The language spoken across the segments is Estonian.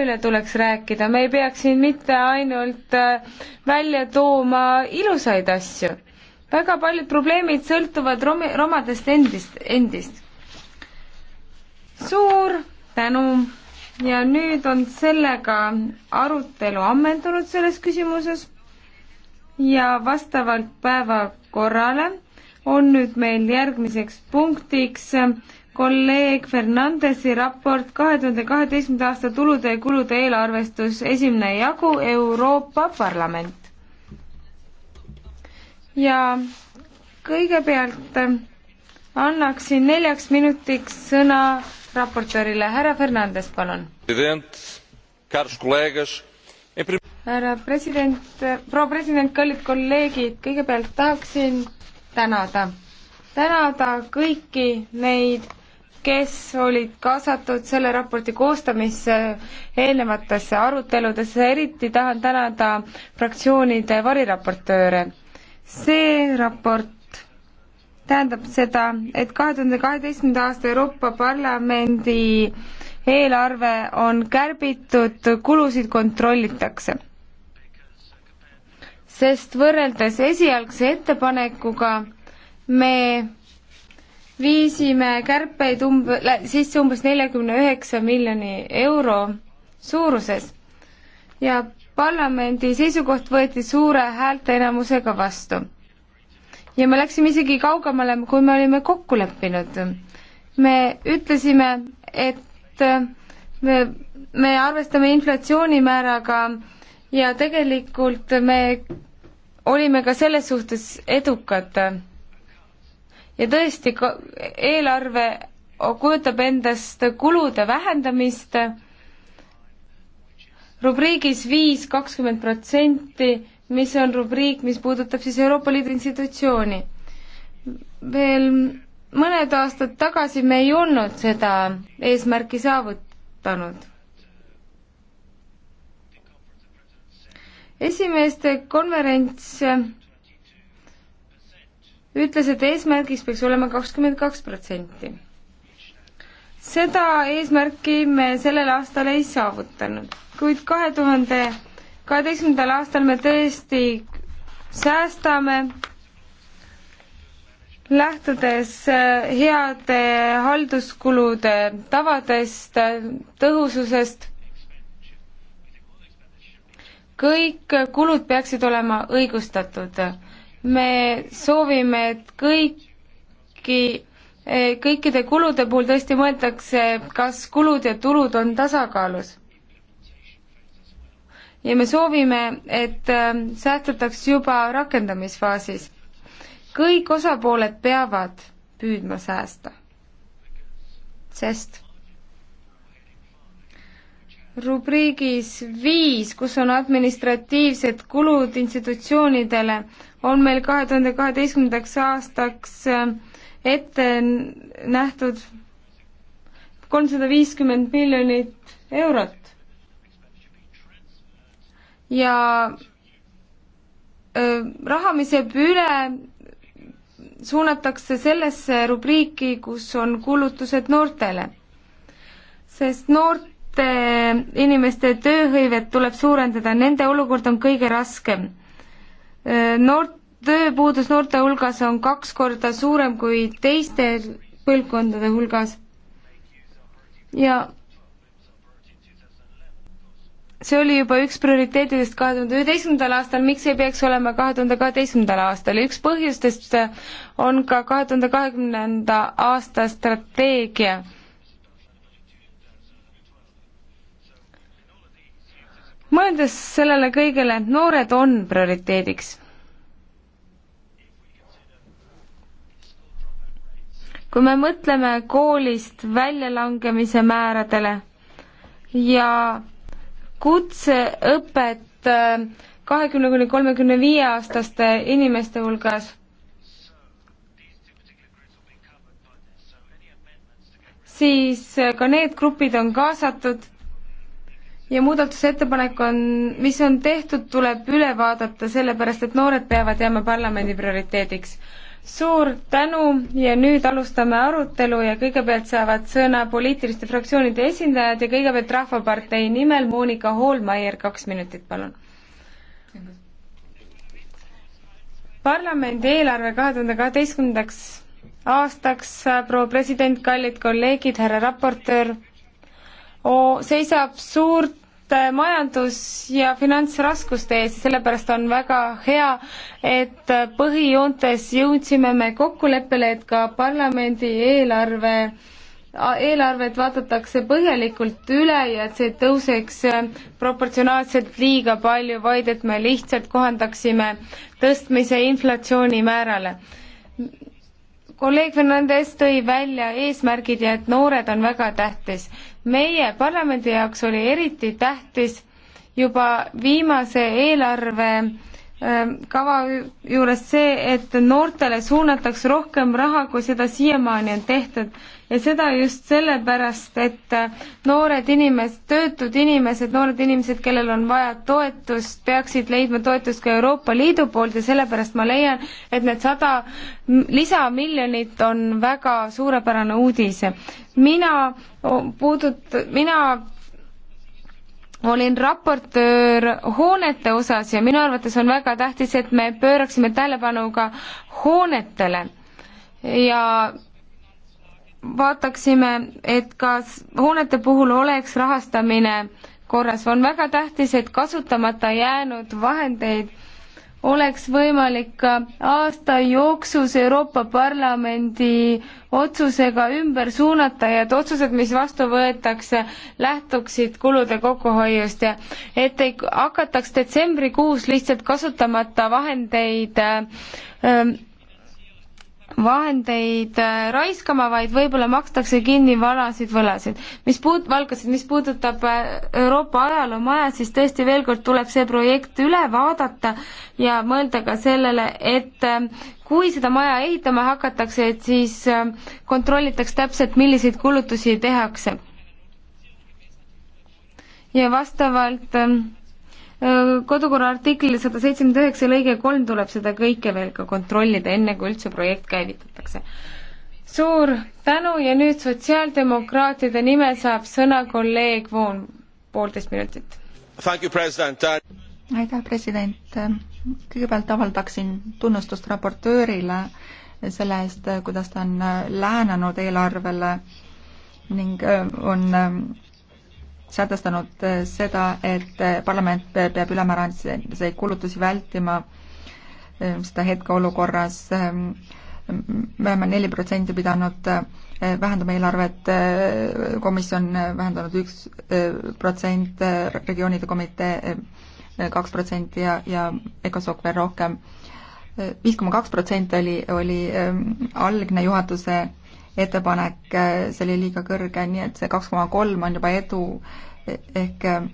üle tuleks rääkida, me ei peaks siin mitte ainult äh, välja tooma ilusaid asju. väga paljud probleemid sõltuvad romi, romadest endist, endist. suur tänu ja nüüd on sellega arutelu ammendunud selles küsimuses ja vastavalt päevakorrale on nüüd meil järgmiseks punktiks kolleeg Fernandesi raport kahe tuhande kaheteistkümnenda aasta tulude ja kulude eelarvestus, esimene jagu, Euroopa Parlament. ja kõigepealt annaksin neljaks minutiks sõna raportöörile, härra Fernandes, palun. härra president, proua president, kallid kolleegid, kõigepealt tahaksin tänada, tänada kõiki neid kes olid kaasatud selle raporti koostamisse eelnevatesse aruteludesse, eriti tahan tänada fraktsioonide variraportööre. see raport tähendab seda, et kahe tuhande kaheteistkümnenda aasta Euroopa Parlamendi eelarve on kärbitud, kulusid kontrollitakse. sest võrreldes esialgse ettepanekuga me viisime kärpeid umb-, sisse umbes neljakümne üheksa miljoni euro suuruses ja parlamendi seisukoht võeti suure häälteenamusega vastu. ja me läksime isegi kaugemale, kui me olime kokku leppinud. me ütlesime, et me, me arvestame inflatsioonimääraga ja tegelikult me olime ka selles suhtes edukad ja tõesti, eelarve kujutab endast kulude vähendamist rubriigis viis kakskümmend protsenti, mis on rubriik, mis puudutab siis Euroopa Liidu institutsiooni. veel mõned aastad tagasi me ei olnud seda eesmärki saavutanud. esimeeste konverents ütles, et eesmärgiks peaks olema kakskümmend kaks protsenti. seda eesmärki me sellel aastal ei saavutanud, kuid kahe tuhande kaheteistkümnendal aastal me tõesti säästame lähtudes äh, heade halduskulude tavadest, tõhususest, kõik kulud peaksid olema õigustatud me soovime, et kõiki, eh, kõikide kulude puhul tõesti mõeldakse, kas kulud ja tulud on tasakaalus. ja me soovime, et eh, säästetaks juba rakendamisfaasis. kõik osapooled peavad püüdma säästa, sest rubriigis viis, kus on administratiivsed kulud institutsioonidele, on meil kahe tuhande kaheteistkümnendaks aastaks äh, ette nähtud kolmsada viiskümmend miljonit eurot. ja öö, äh, raha, mis jääb üle, suunatakse sellesse rubriiki, kus on kulutused noortele. sest noort noorte inimeste tööhõivet tuleb suurendada, nende olukord on kõige raskem. Noort, tööpuudus noorte hulgas on kaks korda suurem kui teiste põlvkondade hulgas ja see oli juba üks prioriteetidest kahe tuhande üheteistkümnendal aastal, miks ei peaks olema kahe tuhande kaheteistkümnendal aastal ja üks põhjustest on ka kahe tuhande kahekümnenda aasta strateegia mõeldes sellele kõigele, et noored on prioriteediks. kui me mõtleme koolist väljalangemise määradele ja kutseõpet äh, kahekümne kuni kolmekümne viie aastaste inimeste hulgas, siis äh, ka need grupid on kaasatud ja muudatusettepanek on, mis on tehtud, tuleb üle vaadata, sellepärast et noored peavad jääma parlamendi prioriteediks. suur tänu ja nüüd alustame arutelu ja kõigepealt saavad sõna poliitiliste fraktsioonide esindajad ja kõigepealt Rahvapartei nimel Monika Hoolmeier, kaks minutit, palun. parlamendi eelarve kahe tuhande kaheteistkümnendaks aastaks, proua president, kallid kolleegid, härra raportöör, seisab suurt Äh, majandus- ja finantsraskuste ees ja sellepärast on väga hea, et äh, põhijoontes jõudsime me kokkuleppele, et ka parlamendi eelarve eelarvet vaadatakse põhjalikult üle ja et see ei tõuseks äh, proportsionaalselt liiga palju, vaid et me lihtsalt kohandaksime tõstmise inflatsioonimäärale kolleeg Fernandes tõi välja eesmärgid ja et noored on väga tähtis. meie parlamendi jaoks oli eriti tähtis juba viimase eelarve Ehm, kava juures see, et noortele suunataks rohkem raha, kui seda siiamaani on tehtud. ja seda just sellepärast, et äh, noored inimesed, töötud inimesed, noored inimesed, kellel on vaja toetust, peaksid leidma toetust ka Euroopa Liidu poolt ja sellepärast ma leian, et need sada lisamiljonit on väga suurepärane uudis. mina puudut-, mina olin raportöör hoonete osas ja minu arvates on väga tähtis, et me pööraksime tähelepanu ka hoonetele ja vaataksime, et kas hoonete puhul oleks rahastamine korras. on väga tähtis, et kasutamata jäänud vahendeid oleks võimalik ka aasta jooksus Euroopa Parlamendi otsusega ümber suunata ja et otsused, mis vastu võetakse, lähtuksid kulude kokkuhoiust ja et ei hakataks detsembrikuus lihtsalt kasutamata vahendeid äh, vahendeid äh, raiskama, vaid võib-olla makstakse kinni varasid, võlasid. mis puut-, valkasid, mis puudutab äh, Euroopa ajaloomaja, siis tõesti veel kord tuleb see projekt üle vaadata ja mõelda ka sellele, et äh, kui seda maja ehitama hakatakse, et siis kontrollitaks täpselt, milliseid kulutusi tehakse. ja vastavalt äh, kodukorra artikli sada seitsekümmend üheksa lõige kolm tuleb seda kõike veel ka kontrollida, enne kui üldse projekt käivitatakse. suur tänu ja nüüd sotsiaaldemokraatide nimel saab sõna kolleeg Voon, poolteist minutit. Uh, aitäh, president. kõigepealt avaldaksin tunnustust raportöörile selle eest, kuidas ta on lähenenud eelarvele ning äh, on äh, sätestanud eh, seda, et eh, parlament peab ülemääraseid kulutusi vältima eh, seda hetkeolukorras. me oleme neli protsenti pidanud vähendama eelarvet, komisjon vähendanud üks protsent, regioonide komitee kaks protsenti ja, ja ECOSOC veel rohkem. viis koma kaks protsenti oli, oli algne juhatuse ettepanek, äh, see oli liiga kõrge, nii et see kaks koma kolm on juba edu ehk äh,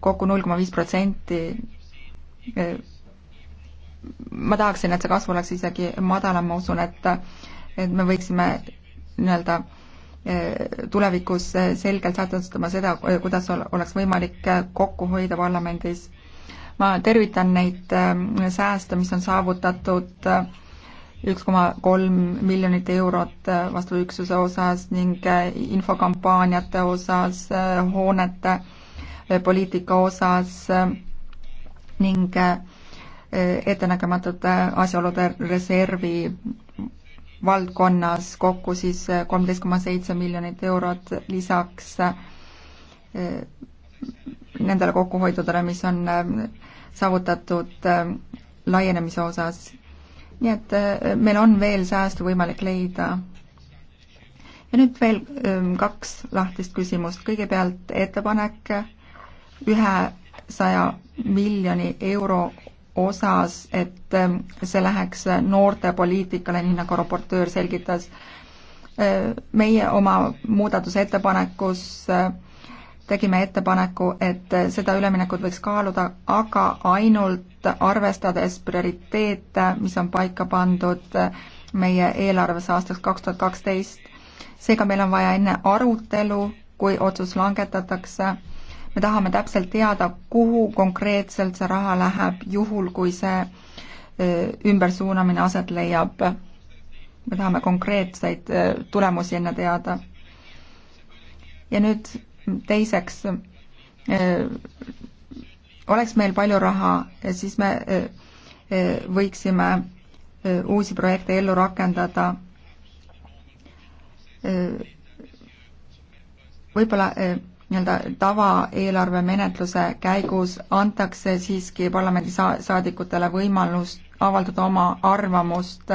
kokku null koma viis protsenti. ma tahaksin, et see kasv oleks isegi madalam, ma usun, et et me võiksime nii-öelda äh, tulevikus selgelt sätestama seda, kuidas oleks võimalik kokku hoida parlamendis. ma tervitan neid sääste, mis on saavutatud äh, üks koma kolm miljonit eurot äh, vastuüksuse osas ning äh, infokampaaniate osas, äh, hoonete poliitika osas ning ettenägematute asjaolude reservi valdkonnas kokku siis kolmteist koma seitse miljonit eurot, lisaks nendele kokkuhoidudele, mis on saavutatud laienemise osas nii et äh, meil on veel säästu võimalik leida. ja nüüd veel ähm, kaks lahtist küsimust, kõigepealt ettepanek ühe saja miljoni euro osas, et ähm, see läheks noortepoliitikale, nii nagu raportöör selgitas. Äh, meie oma muudatusettepanekus äh, tegime ettepaneku, et seda üleminekut võiks kaaluda, aga ainult arvestades prioriteete, mis on paika pandud meie eelarves aastaks kaks tuhat kaksteist. seega meil on vaja enne arutelu, kui otsus langetatakse, me tahame täpselt teada, kuhu konkreetselt see raha läheb, juhul kui see ümbersuunamine aset leiab. me tahame konkreetseid tulemusi enne teada ja nüüd teiseks äh, oleks meil palju raha, siis me äh, äh, võiksime uusi projekte ellu rakendada. võib-olla nii-öelda tavaeelarve menetluse käigus antakse siiski parlamendisaadikutele võimalus avaldada oma arvamust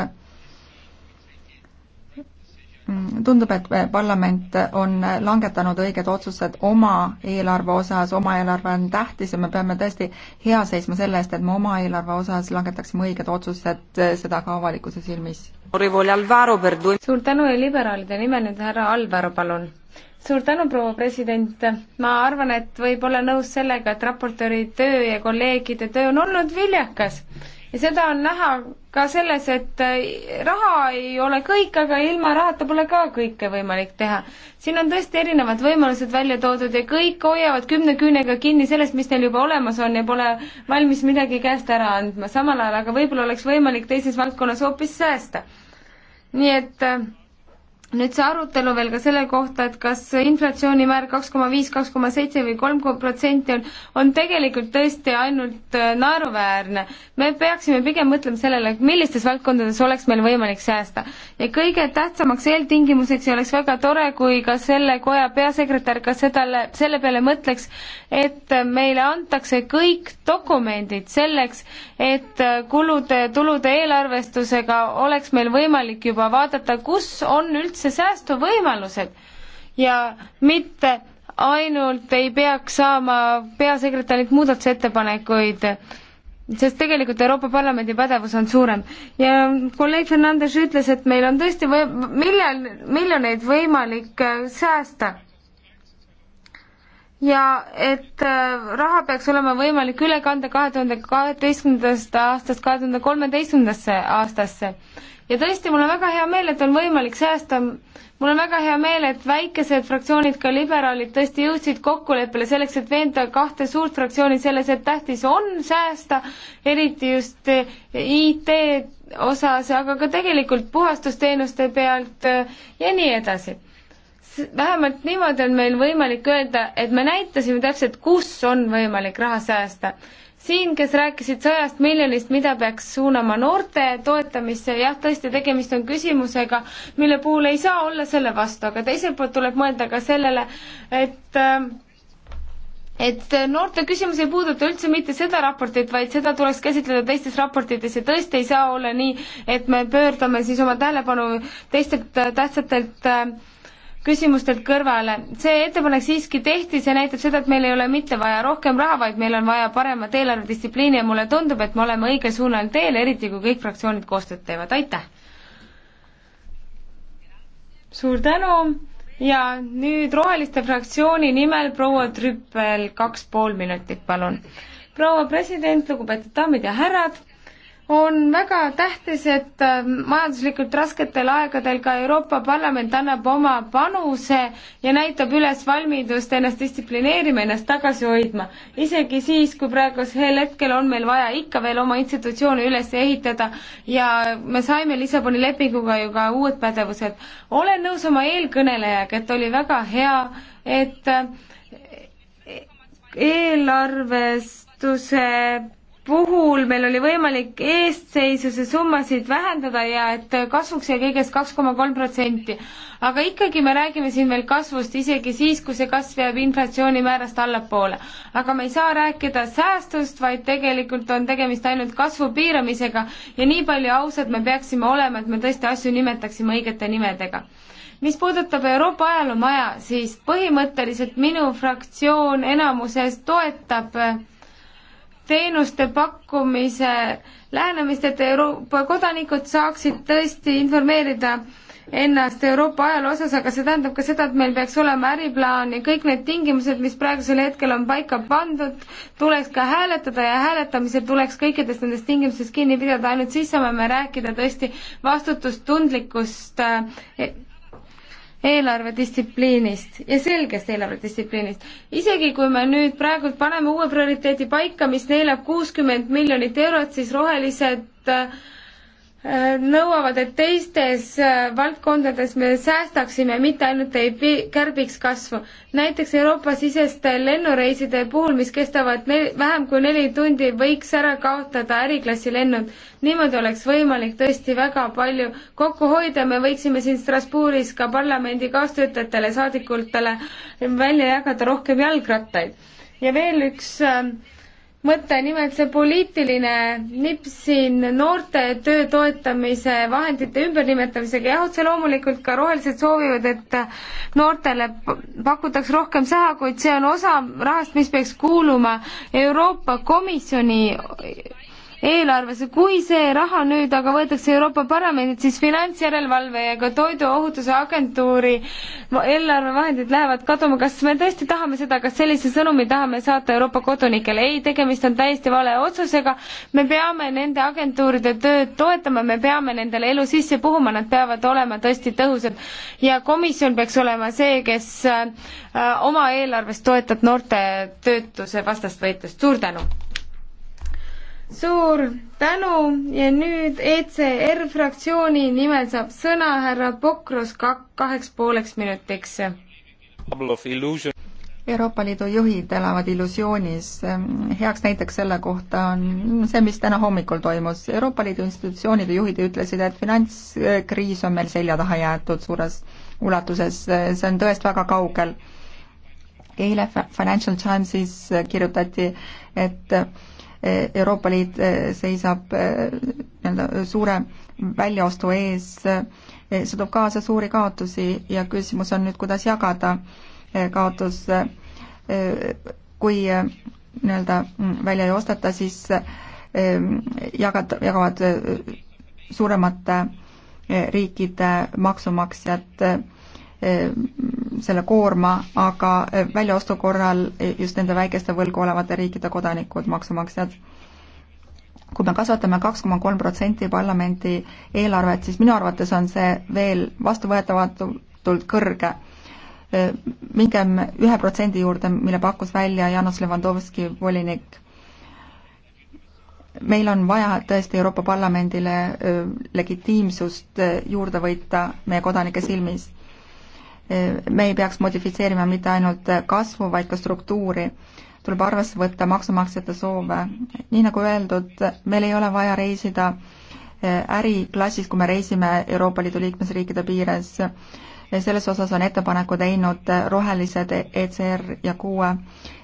tundub, et parlament on langetanud õiged otsused oma eelarve osas, oma eelarve on tähtis ja me peame tõesti hea seisma selle eest, et me oma eelarve osas langetaksime õiged otsused, seda ka avalikkuse silmis. suur tänu ja liberaalide nimel nüüd härra Alvaro, palun. suur tänu, proua president, ma arvan, et võib olla nõus sellega, et raportööri töö ja kolleegide töö on olnud viljakas ja seda on näha ka selles, et eh, raha ei ole kõik, aga ilma rahata pole ka kõike võimalik teha. siin on tõesti erinevad võimalused välja toodud ja kõik hoiavad kümne küünega kinni sellest, mis neil juba olemas on ja pole valmis midagi käest ära andma, samal ajal aga võib-olla oleks võimalik teises valdkonnas hoopis säästa. nii et äh, nüüd see arutelu veel ka selle kohta, et kas inflatsioonimäär kaks koma viis, kaks koma seitse või kolm protsenti on, on tegelikult tõesti ainult äh, naeruväärne. me peaksime pigem mõtlema sellele, millistes valdkondades oleks meil võimalik säästa. ja kõige tähtsamaks eeltingimuseks ja oleks väga tore, kui ka selle koja peasekretär ka sedale, selle peale mõtleks, et meile antakse kõik dokumendid selleks, et äh, kulude-tulude eelarvestusega oleks meil võimalik juba vaadata, kus on üldse sisse säästuvõimalused ja mitte ainult ei peaks saama peasekretärilt muudatusettepanekuid, sest tegelikult Euroopa Parlamendi pädevus on suurem. ja kolleeg Fernandes ütles, et meil on tõesti või-, miljon, miljoneid võimalik äh, säästa. ja et äh, raha peaks olema võimalik üle kanda kahe tuhande kaheteistkümnendast aastast kahe tuhande kolmeteistkümnendasse aastasse ja tõesti, mul on väga hea meel, et on võimalik säästa. mul on väga hea meel, et väikesed fraktsioonid, ka liberaalid, tõesti jõudsid kokkuleppele selleks, et veenda kahte suurt fraktsiooni selles, et tähtis on säästa, eriti just IT osas, aga ka tegelikult puhastusteenuste pealt ja nii edasi vähemalt niimoodi on meil võimalik öelda, et me näitasime täpselt, kus on võimalik raha säästa siin, kes rääkisid sajast miljonist, mida peaks suunama noorte toetamisse, jah, tõesti, tegemist on küsimusega, mille puhul ei saa olla selle vastu, aga teiselt poolt tuleb mõelda ka sellele, et ähm, et noorte küsimus ei puuduta üldse mitte seda raportit, vaid seda tuleks käsitleda teistes raportites ja tõesti ei saa olla nii, et me pöördame siis oma tähelepanu teistelt tähtsatelt äh, küsimustelt kõrvale. see ettepanek siiski tehti, see näitab seda, et meil ei ole mitte vaja rohkem raha, vaid meil on vaja paremat eelarvedistsipliini ja mulle tundub, et me oleme õigel suunal teel, eriti kui kõik fraktsioonid koostööd teevad, aitäh! suur tänu ja nüüd Roheliste fraktsiooni nimel proua Trüppel, kaks pool minutit, palun. proua president, lugupeetud daamid ja härrad on väga tähtis, et äh, majanduslikult rasketel aegadel ka Euroopa Parlament annab oma panuse ja näitab üles valmidust ennast distsiplineerima, ennast tagasi hoidma. isegi siis, kui praegusel hetkel on meil vaja ikka veel oma institutsioone üles ehitada ja me saime Lissaboni lepinguga ju ka uued pädevused. olen nõus oma eelkõnelejaga, et oli väga hea, et äh, e-, eelarvestuse puhul meil oli võimalik eestseisuse summasid vähendada ja et kasvuks jäi kõigest kaks koma kolm protsenti. aga ikkagi me räägime siin veel kasvust isegi siis, kui see kasv jääb inflatsioonimäärast allapoole. aga me ei saa rääkida säästust, vaid tegelikult on tegemist ainult kasvu piiramisega ja nii palju ausad me peaksime olema, et me tõesti asju nimetaksime õigete nimedega mis puudutab Euroopa ajaloomaja, siis põhimõtteliselt minu fraktsioon enamuses toetab äh, teenuste pakkumise lähenemist, et Euroopa kodanikud saaksid tõesti informeerida ennast Euroopa ajaloo osas, aga see tähendab ka seda, et meil peaks olema äriplaan ja kõik need tingimused, mis praegusel hetkel on paika pandud, tuleks ka hääletada ja hääletamisel tuleks kõikidest nendest tingimustest kinni pidada, ainult siis saame me rääkida tõesti vastutustundlikust eh, eelarvedistsipliinist ja selgest eelarvedistsipliinist. isegi kui me nüüd praegult paneme uue prioriteedi paika, mis neelab kuuskümmend miljonit eurot, siis rohelised äh, Äh, nõuavad, et teistes äh, valdkondades me säästaksime, mitte ainult ei kärbiks kasvu. näiteks Euroopa-siseste lennureiside puhul, mis kestavad nel-, vähem kui neli tundi, võiks ära kaotada äriklassi lennud. niimoodi oleks võimalik tõesti väga palju kokku hoida, me võiksime siin Strasbourgis ka parlamendi kaastöötajatele, saadikutele välja jagada rohkem jalgrattaid. ja veel üks äh, mõte, nimelt see poliitiline nipp siin noorte töö toetamise vahendite ümbernimetamisega, jah, otse loomulikult ka rohelised soovivad, et noortele pakutaks rohkem saha, kuid see on osa rahast, mis peaks kuuluma Euroopa Komisjoni eelarvesse. kui see raha nüüd aga võetakse Euroopa Parlamendilt, siis finantsjärelevalve ja ka Toiduohutuse Agentuuri eelarvevahendid lähevad kaduma. kas me tõesti tahame seda, kas sellise sõnumi tahame saata Euroopa kodanikele? ei, tegemist on täiesti vale otsusega. me peame nende agentuuride tööd toetama, me peame nendele elu sisse puhuma, nad peavad olema tõesti tõhusad ja komisjon peaks olema see, kes äh, oma eelarvest toetab noorte töötuse vastast võitlust. suur tänu! suur tänu ja nüüd ECR fraktsiooni nimel saab sõna härra Pokros ka kaheks pooleks minutiks. Euroopa Liidu juhid elavad illusioonis. heaks näiteks selle kohta on see, mis täna hommikul toimus. Euroopa Liidu institutsioonide juhid ütlesid, et finantskriis on meil selja taha jäetud suures ulatuses, see on tõest väga kaugel. eile Financial Timesis kirjutati, et Euroopa Liit eh, seisab eh, nii-öelda suure väljaostu ees, eh, see toob kaasa suuri kaotusi ja küsimus on nüüd, kuidas jagada kaotus, kui nii-öelda mm, välja ei osteta, siis jagad, jagavad suuremate riikide maksumaksjad Eh, selle koorma, aga eh, väljaostu korral eh, just nende väikeste võlgu olevate riikide kodanikud, maksumaksjad kui me kasvatame kaks koma kolm protsenti parlamendi eelarvet, siis minu arvates on see veel vastuvõetamatult kõrge. mingem ühe protsendi juurde, mille pakkus välja Janos Levandovski, volinik. meil on vaja tõesti Euroopa Parlamendile legitiimsust juurde võita meie kodanike silmis me ei peaks modifitseerima mitte ainult kasvu, vaid ka struktuuri. tuleb arvesse võtta maksumaksjate soove. nii nagu öeldud, meil ei ole vaja reisida eh, äriklassis, kui me reisime Euroopa Liidu liikmesriikide piires. selles osas on ettepaneku teinud rohelised ECR ja kuue,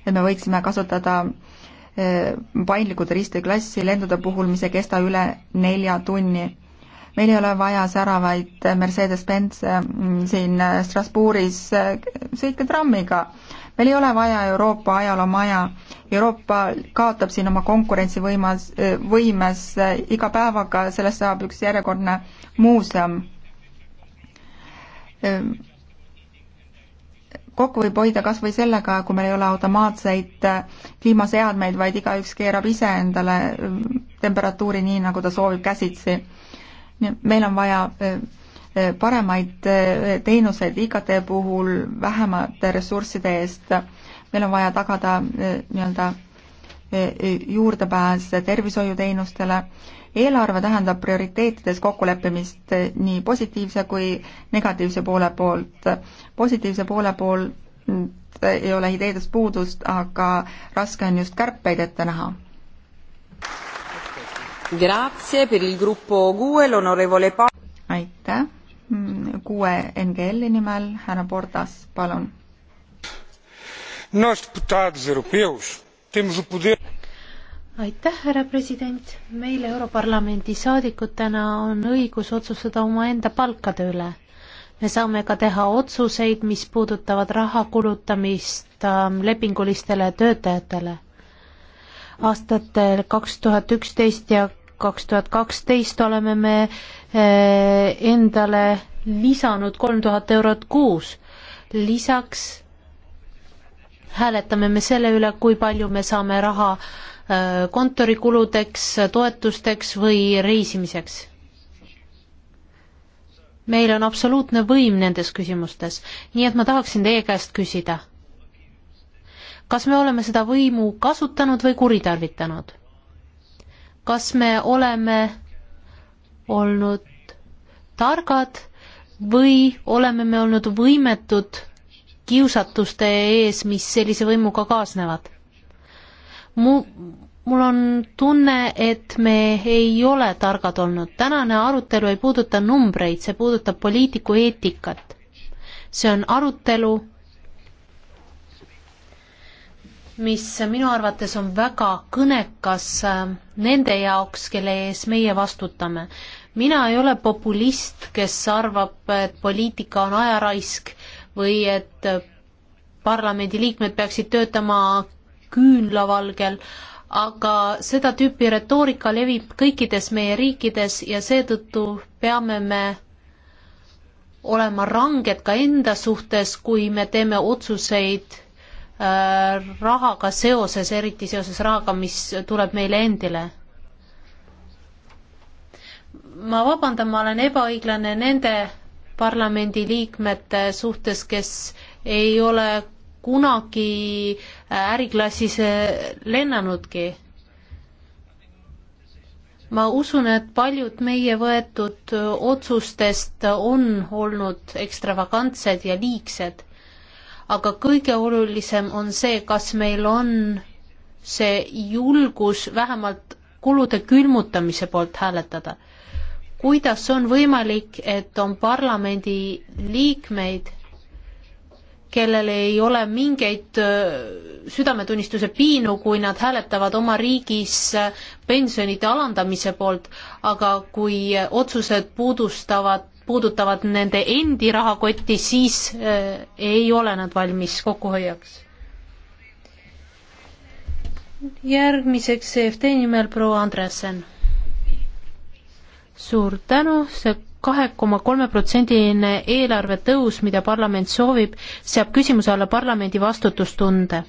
et me võiksime kasutada eh, paindlikud ristiklassi lendude puhul, mis ei kesta üle nelja tunni meil ei ole vaja säravaid Mercedes-Benz äh, siin äh, Strasbourgis äh, sõita trammiga. meil ei ole vaja Euroopa ajaloomaja. Euroopa kaotab siin oma konkurentsivõimas, võimes iga päevaga, sellest saab üks järjekordne muuseum ähm, kokku võib hoida kas või sellega, kui meil ei ole automaatseid kliimaseadmeid, vaid igaüks keerab ise endale temperatuuri nii, nagu ta soovib, käsitsi meil on vaja äh, äh, paremaid äh, teenuseid IKT puhul vähemate ressursside eest, meil on vaja tagada nii-öelda juurdepääs tervishoiuteenustele. eelarve tähendab prioriteetides kokkuleppimist nii positiivse kui negatiivse poole poolt. positiivse poole poolt mm, ei ole ideedest puudust, aga raske on just kärpeid ette näha aitäh, kuue NGL-i nimel härra Portas, palun. aitäh, härra president, meil Europarlamendi saadikutena on õigus otsustada omaenda palkade üle me saame ka teha otsuseid, mis puudutavad raha kulutamist ähm, lepingulistele töötajatele. aastatel kaks tuhat üksteist ja kaks tuhat kaksteist oleme me eh, endale lisanud kolm tuhat eurot kuus. lisaks hääletame me selle üle, kui palju me saame raha eh, kontorikuludeks, toetusteks või reisimiseks meil on absoluutne võim nendes küsimustes, nii et ma tahaksin teie käest küsida. kas me oleme seda võimu kasutanud või kuritarvitanud? kas me oleme olnud targad või oleme me olnud võimetud kiusatuste ees, mis sellise võimuga kaasnevad? mu, mul on tunne, et me ei ole targad olnud. tänane arutelu ei puuduta numbreid, see puudutab poliitiku eetikat. see on arutelu mis minu arvates on väga kõnekas äh, nende jaoks, kelle ees meie vastutame. mina ei ole populist, kes arvab, et poliitika on ajaraisk või et äh, parlamendiliikmed peaksid töötama küünlavalgel, aga seda tüüpi retoorika levib kõikides meie riikides ja seetõttu peame me olema ranged ka enda suhtes, kui me teeme otsuseid Äh, rahaga seoses, eriti seoses rahaga, mis tuleb meile endile. ma vabandan, ma olen ebaõiglane nende parlamendiliikmete suhtes, kes ei ole kunagi äriklassis äh, lennanudki. ma usun, et paljud meie võetud otsustest on olnud ekstravagantsed ja liigsed aga kõige olulisem on see, kas meil on see julgus vähemalt kulude külmutamise poolt hääletada. kuidas on võimalik, et on parlamendi liikmeid, kellel ei ole mingeid äh, südametunnistuse piinu, kui nad hääletavad oma riigis äh, pensionide alandamise poolt, aga kui äh, otsused puudustavad puudutavad nende endi rahakotti, siis äh, ei ole nad valmis kokkuhoiaks. järgmiseks EFT nimel proua Andresen. suur tänu, see kahe koma kolme protsendine eelarve tõus, mida parlament soovib, seab küsimuse alla parlamendi vastutustunde.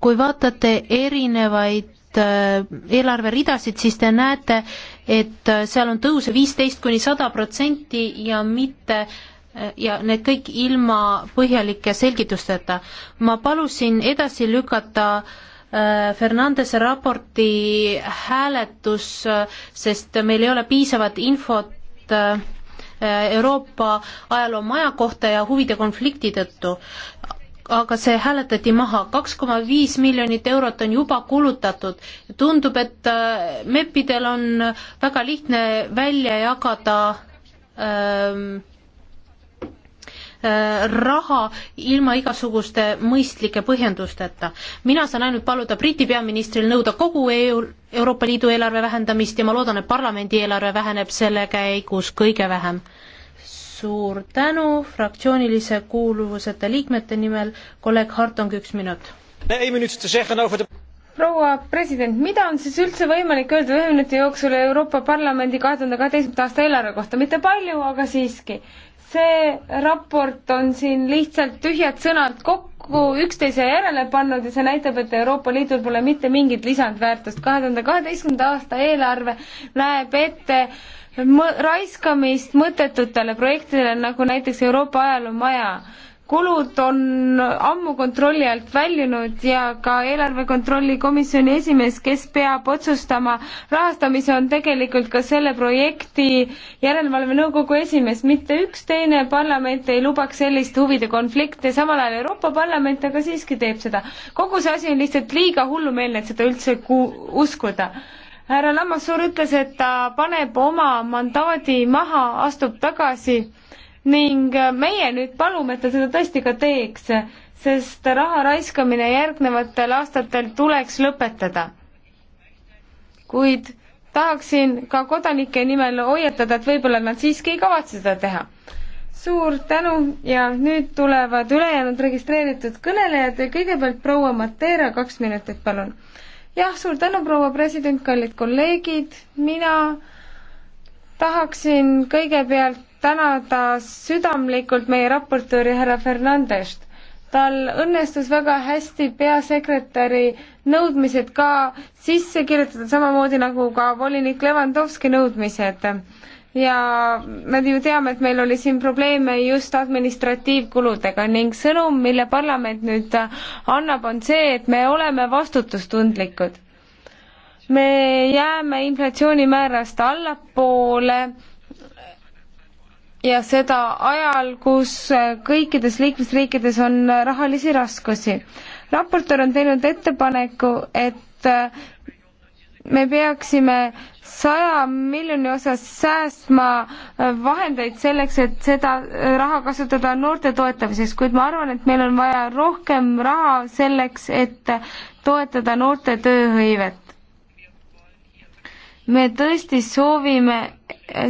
kui vaatate erinevaid Äh, eelarveridasid, siis te näete, et äh, seal on tõuse viisteist kuni sada protsenti ja mitte äh, ja need kõik ilma põhjalike selgitusteta. ma palusin edasi lükata Fernandese raporti hääletus, sest meil ei ole piisavat infot Euroopa ajaloo maja kohta ja huvide konflikti tõttu aga see hääletati maha, kaks koma viis miljonit eurot on juba kulutatud. tundub, et äh, MEP-idel on väga lihtne välja jagada ähm, äh, raha ilma igasuguste mõistlike põhjendusteta. mina saan ainult paluda Briti peaministril nõuda kogu EU, Euroopa Liidu eelarve vähendamist ja ma loodan, et parlamendi eelarve väheneb selle käigus kõige vähem suur tänu fraktsioonilise kuuluvuseta liikmete nimel, kolleeg Hartong, üks minut. proua president, mida on siis üldse võimalik öelda ühe minuti jooksul Euroopa Parlamendi kahe tuhande kaheteistkümnenda aasta eelarve kohta, mitte palju, aga siiski. see raport on siin lihtsalt tühjad sõnad kokku üksteise järele pannud ja see näitab, et Euroopa Liidul pole mitte mingit lisandväärtust. kahe tuhande kaheteistkümnenda aasta eelarve näeb ette raiskamist mõttetutele projektidele, nagu näiteks Euroopa ajaloomaja kulud on ammu kontrolli alt väljunud ja ka eelarve kontrolli komisjoni esimees, kes peab otsustama rahastamise, on tegelikult ka selle projekti järelevalvenõukogu esimees. mitte üks teine parlament ei lubaks sellist huvide konflikti, samal ajal Euroopa Parlament aga siiski teeb seda. kogu see asi on lihtsalt liiga hullumeelne, et seda üldse ku-, uskuda härra Lamassoor ütles, et ta paneb oma mandaadi maha, astub tagasi ning meie nüüd palume, et ta seda tõesti ka teeks, sest raha raiskamine järgnevatel aastatel tuleks lõpetada. kuid tahaksin ka kodanike nimel hoiatada, et võib-olla nad siiski ei kavatse seda teha. suur tänu ja nüüd tulevad ülejäänud registreeritud kõnelejad ja kõigepealt proua Mateera, kaks minutit, palun jah, suur tänu, proua president, kallid kolleegid, mina tahaksin kõigepealt tänada südamlikult meie raportööri härra Fernandest. tal õnnestus väga hästi peasekretäri nõudmised ka sisse kirjutada, samamoodi nagu ka volinik Levanovski nõudmised ja me ju teame, et meil oli siin probleeme just administratiivkuludega ning sõnum, mille parlament nüüd annab, on see, et me oleme vastutustundlikud. me jääme inflatsioonimäärast allapoole ja seda ajal, kus kõikides liikmesriikides on rahalisi raskusi. raportöör on teinud ettepaneku, et me peaksime saja miljoni osas säästma äh, vahendeid selleks, et seda äh, raha kasutada noorte toetamiseks, kuid ma arvan, et meil on vaja rohkem raha selleks, et äh, toetada noorte tööhõivet. me tõesti soovime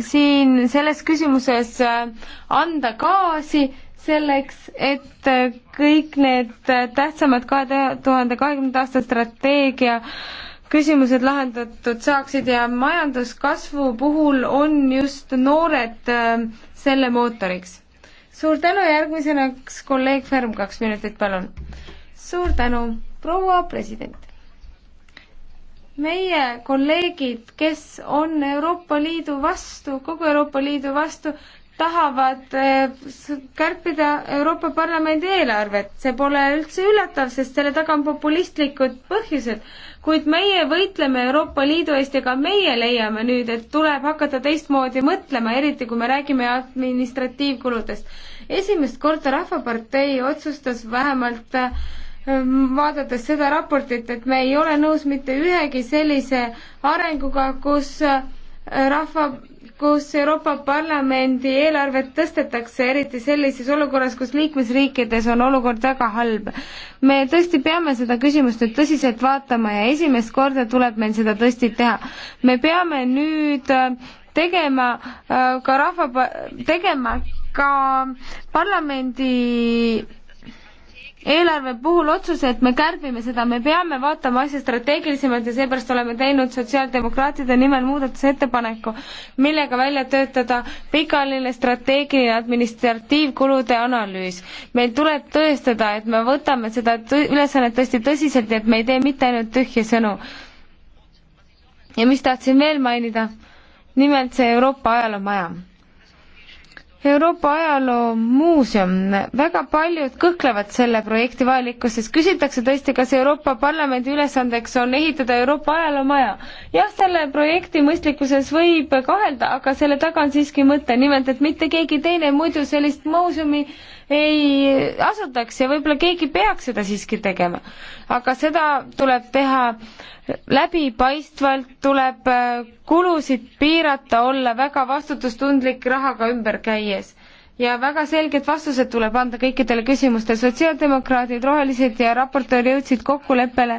siin selles küsimuses anda gaasi selleks, et kõik need tähtsamad kahe tuhande kahekümnenda aasta strateegia äh, küsimused lahendatud saaksid ja majanduskasvu puhul on just noored ähm, selle mootoriks. suur tänu, järgmisena kolleeg Ferm, kaks minutit, palun. suur tänu, proua president meie kolleegid, kes on Euroopa Liidu vastu, kogu Euroopa Liidu vastu, tahavad eh, kärpida Euroopa Parlamendi eelarvet. see pole üldse üllatav, sest selle taga on populistlikud põhjused. kuid meie võitleme Euroopa Liidu eest ja ka meie leiame nüüd, et tuleb hakata teistmoodi mõtlema, eriti kui me räägime administratiivkuludest. esimest korda Rahvapartei otsustas vähemalt eh, vaadates seda raportit, et me ei ole nõus mitte ühegi sellise arenguga, kus eh, rahva kus Euroopa Parlamendi eelarvet tõstetakse, eriti sellises olukorras, kus liikmesriikides on olukord väga halb. me tõesti peame seda küsimust nüüd tõsiselt vaatama ja esimest korda tuleb meil seda tõesti teha. me peame nüüd äh, tegema äh, ka rahva, tegema ka parlamendi eelarve puhul otsuse, et me kärbime seda, me peame vaatama asja strateegilisemalt ja seepärast oleme teinud sotsiaaldemokraatide nimel muudatusettepaneku, millega välja töötada pikaajaline strateegiline administratiivkulude analüüs. meil tuleb tõestada, et me võtame seda ülesannet tõesti tõsiselt ja et me ei tee mitte ainult tühje sõnu. ja mis tahtsin veel mainida? nimelt see Euroopa ajaloomaja Euroopa Ajaloo Muuseum, väga paljud kõhklevad selle projekti vajalikkuses, küsitakse tõesti, kas Euroopa Parlamendi ülesandeks on ehitada Euroopa ajaloomaja. jah, selle projekti mõistlikkuses võib kahelda, aga selle taga on siiski mõte, nimelt et mitte keegi teine muidu sellist muuseumi ei asutaks ja võib-olla keegi peaks seda siiski tegema. aga seda tuleb teha läbipaistvalt, tuleb kulusid piirata, olla väga vastutustundlik, rahaga ümber käia viies ja väga selged vastused tuleb anda kõikidele küsimustele. sotsiaaldemokraadid, rohelised ja raportöör jõudsid kokkuleppele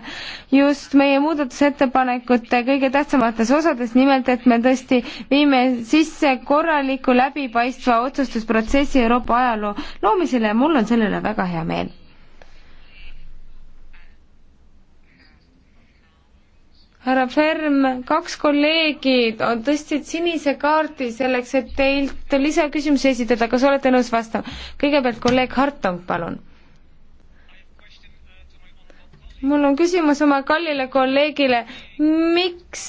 just meie muudatusettepanekute kõige tähtsamates osades, nimelt et me tõesti viime sisse korraliku läbipaistva otsustusprotsessi Euroopa ajaloo loomisele ja mul on selle üle väga hea meel härra Ferm, kaks kolleegi on tõstsid sinise kaardi selleks, et teilt lisaküsimusi esitada, kas olete nõus vastama? kõigepealt kolleeg Hartong, palun. mul on küsimus oma kallile kolleegile, miks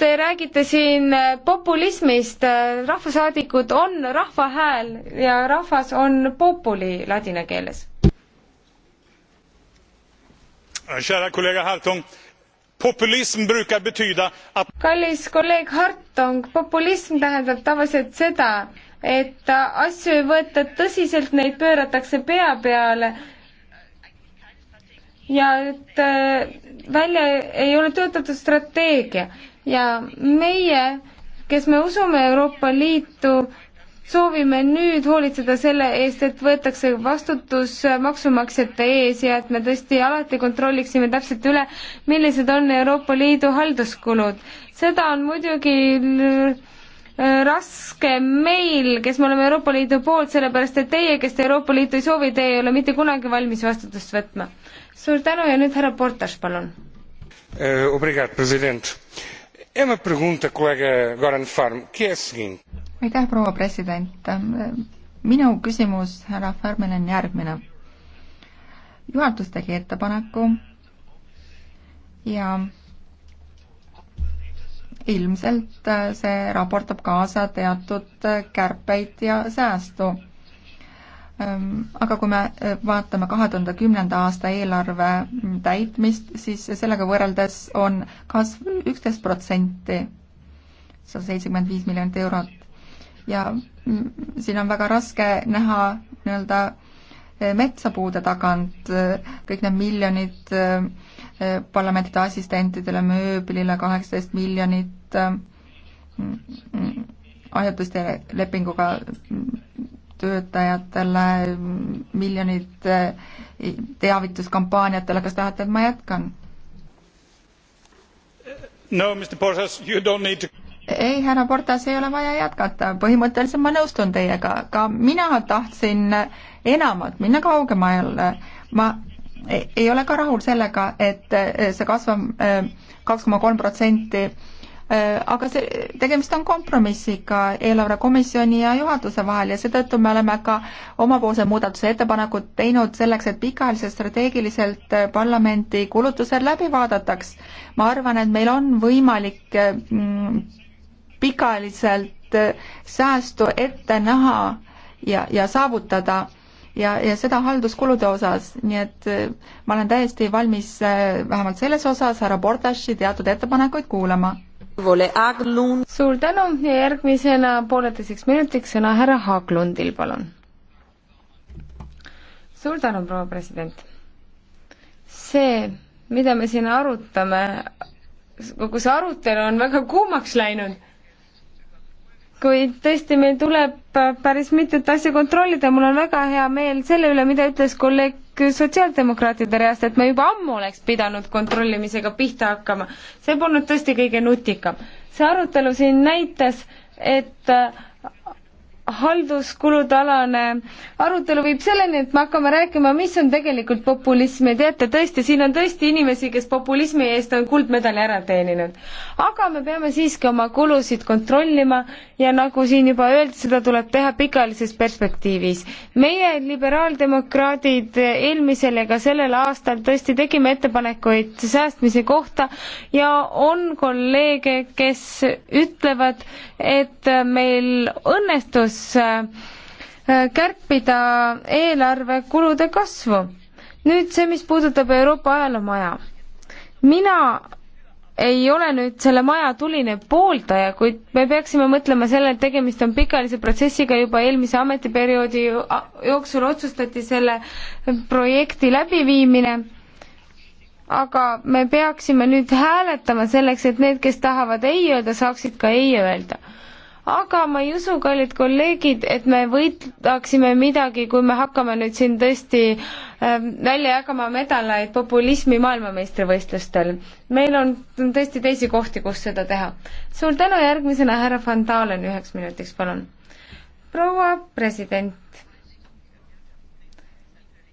te räägite siin äh, populismist, rahvasaadikud on rahva hääl ja rahvas on populi ladina keeles Eh, kära kolleeg Hartong, populism brukar betyda att... kallis kolleeg Hartong, populism tähendab tavaliselt seda, et asju ei võeta tõsiselt, neid pööratakse pea peale ja et eh, välja ei ole töötatud strateegia ja meie, kes me usume Euroopa Liitu, soovime nüüd hoolitseda selle eest, et võetakse vastutus maksumaksjate ees ja et me tõesti alati kontrolliksime täpselt üle, millised on Euroopa Liidu halduskulud. seda on muidugi äh, raske meil, kes me oleme Euroopa Liidu poolt, sellepärast et teie, kes te Euroopa Liitu ei soovi, te ei ole mitte kunagi valmis vastutust võtma. suur tänu ja nüüd härra Portas, palun. Eh, obrigado, president. É uma pergunta, colega Goran Farm, que é a seguinte aitäh, proua president. minu küsimus härra Färmile on järgmine. juhatus tegi ettepaneku ja ilmselt see raport toob kaasa teatud kärpeid ja säästu. Aga kui me vaatame kahe tuhande kümnenda aasta eelarve täitmist, siis sellega võrreldes on kasv üksteist protsenti, sada seitsekümmend viis miljonit eurot ja mm, siin on väga raske näha nii-öelda eh, metsapuude tagant eh, kõik need miljonid eh, parlamentide assistentidele, mööblile kaheksateist miljonit, mm, mm, ajatuste lepinguga töötajatele, miljonid teavituskampaaniatele, kas tahate, et ma jätkan? no Mr Portas, you don't need to ei, härra Portas, ei ole vaja jätkata, põhimõtteliselt ma nõustun teiega, ka mina tahtsin enamat, minna kaugemale. ma e-, ei ole ka rahul sellega, et e, see kasvab e, kaks koma kolm protsenti, aga see, tegemist on kompromissiga eelarvekomisjoni ja juhatuse vahel ja seetõttu me oleme ka omapoolse muudatuse ettepanekud teinud selleks, et pikaajaliselt strateegiliselt parlamendi kulutused läbi vaadataks. ma arvan, et meil on võimalik mm, pikaajaliselt eh, säästu ette näha ja, ja saavutada ja, ja seda halduskulude osas, nii et eh, ma olen täiesti valmis eh, vähemalt selles osas härra Bordaši teatud ettepanekuid kuulama. suur tänu ja järgmisena pooleteiseks minutiks sõna härra Haaglundil, palun. suur tänu, proua president. see, mida me siin arutame, kogu see arutelu on väga kuumaks läinud kuid tõesti, meil tuleb päris mitut asja kontrollida, mul on väga hea meel selle üle, mida ütles kolleeg sotsiaaldemokraatide reast, et me juba ammu oleks pidanud kontrollimisega pihta hakkama. see polnud tõesti kõige nutikam. see arutelu siin näitas, et halduskuludealane arutelu viib selleni, et me hakkame rääkima, mis on tegelikult populism ja teate tõesti, siin on tõesti inimesi, kes populismi eest on kuldmedali ära teeninud. aga me peame siiski oma kulusid kontrollima ja nagu siin juba öeldi, seda tuleb teha pikaajalises perspektiivis. meie, liberaaldemokraadid, eelmisel ja ka sellel aastal tõesti tegime ettepanekuid säästmise kohta ja on kolleege, kes ütlevad, et meil õnnestus siis äh, kärpida eelarvekulude kasvu. nüüd see, mis puudutab Euroopa ajaloomaja. mina ei ole nüüd selle maja tuline pooldaja, kuid me peaksime mõtlema sellele, et tegemist on pikaajalise protsessiga, juba eelmise ametiperioodi jooksul otsustati selle projekti läbiviimine, aga me peaksime nüüd hääletama selleks, et need, kes tahavad ei öelda, saaksid ka ei öelda aga ma ei usu, kallid kolleegid, et me võidaksime midagi, kui me hakkame nüüd siin tõesti ähm, välja jagama medaleid populismi maailmameistrivõistlustel. meil on tõesti teisi kohti, kus seda teha. suur tänu, järgmisena härra Van Dalen üheks minutiks, palun. proua president,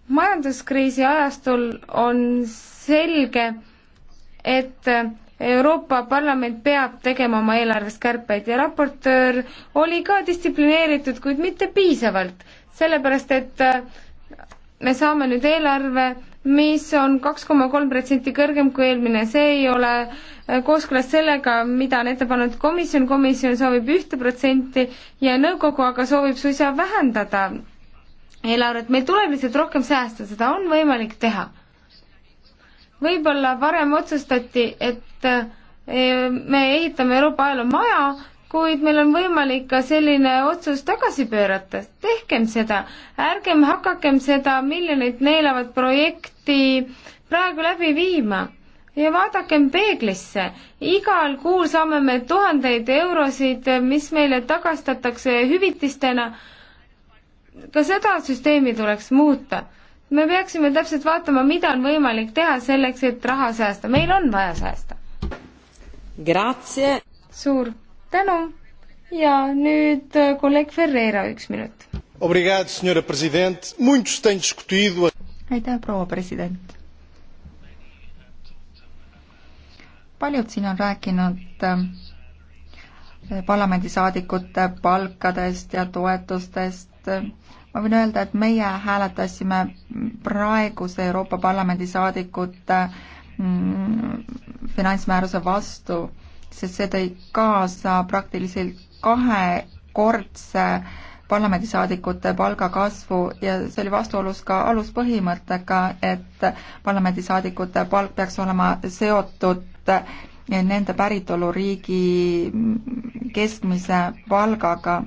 majanduskriisi ajastul on selge, et äh, Euroopa Parlament peab tegema oma eelarvest kärpeid ja raportöör oli ka distsiplineeritud, kuid mitte piisavalt, sellepärast et äh, me saame nüüd eelarve, mis on kaks koma kolm protsenti kõrgem kui eelmine, see ei ole äh, kooskõlas sellega, mida on ette pannud komisjon, komisjon soovib ühte protsenti ja nõukogu aga soovib suisa vähendada eelarvet, meil tuleb lihtsalt rohkem säästa, seda on võimalik teha võib-olla varem otsustati, et e, me ehitame Euroopa ajaloo maja, kuid meil on võimalik ka selline otsus tagasi pöörata. tehkem seda, ärgem hakakem seda miljonit neelavat projekti praegu läbi viima ja vaadakem peeglisse. igal kuul saame me tuhandeid eurosid, mis meile tagastatakse hüvitistena. ka seda süsteemi tuleks muuta me peaksime täpselt vaatama, mida on võimalik teha selleks, et raha säästa, meil on vaja säästa. suur tänu ja nüüd äh, kolleeg Ferreira, üks minut. aitäh, proua president. paljud siin on rääkinud äh, parlamendisaadikute palkadest ja toetustest äh, ma võin öelda, et meie hääletasime praeguse Euroopa Parlamendi saadikute mm, finantsmääruse vastu, sest see tõi kaasa praktiliselt kahekordse parlamendisaadikute palga kasvu ja see oli vastuolus ka aluspõhimõttega, et parlamendisaadikute palk peaks olema seotud nende päritoluriigi keskmise palgaga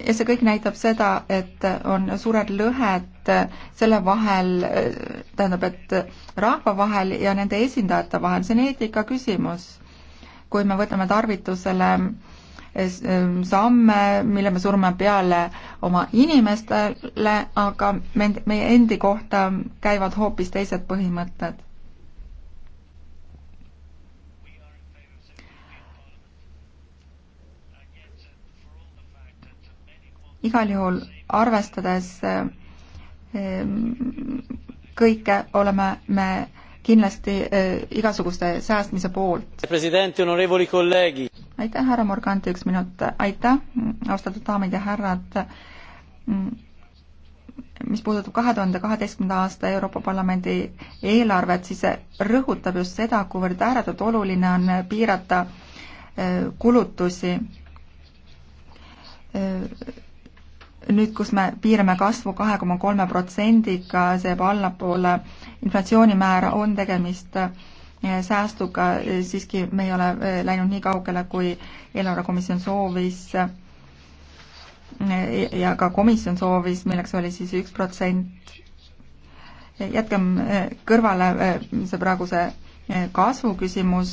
ja see kõik näitab seda, et on suured lõhed selle vahel, tähendab, et rahva vahel ja nende esindajate vahel, see on eetika küsimus. kui me võtame tarvitusele eh, eh, samme, mille me surume peale oma inimestele, aga meie endi kohta käivad hoopis teised põhimõtted igal juhul arvestades eh, kõike, oleme me kindlasti eh, igasuguste säästmise poolt. aitäh, härra Morganti, üks minut, aitäh, austatud daamid ja härrad mis puudutab kahe tuhande kaheteistkümnenda aasta Euroopa Parlamendi eelarvet, siis see rõhutab just seda, kuivõrd ääretult oluline on piirata eh, kulutusi nüüd, kus me piirame kasvu kahe koma kolme protsendiga, see jääb allapoole inflatsioonimäära, on tegemist eh, säästuga, siiski me ei ole eh, läinud nii kaugele, kui eelarvekomisjon soovis eh, ja ka komisjon soovis, milleks oli siis üks protsent. jätkem kõrvale see praeguse kasvu küsimus,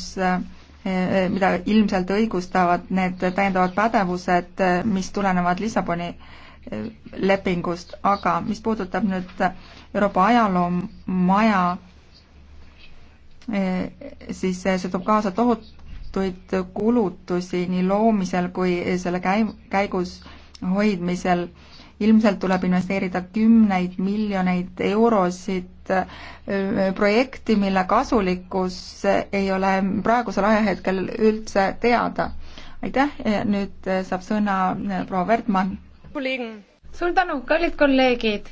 mida ilmselt õigustavad need täiendavad pädevused, mis tulenevad Lissaboni lepingust, aga mis puudutab nüüd Euroopa ajaloomaja, eh, siis see toob kaasa tohutuid kulutusi nii loomisel kui selle käi-, käigus hoidmisel. ilmselt tuleb investeerida kümneid miljoneid eurosid eh, projekti, mille kasulikkus ei ole praegusel ajahetkel üldse teada. aitäh, nüüd eh, saab sõna proua Wertmann suur tänu, kallid kolleegid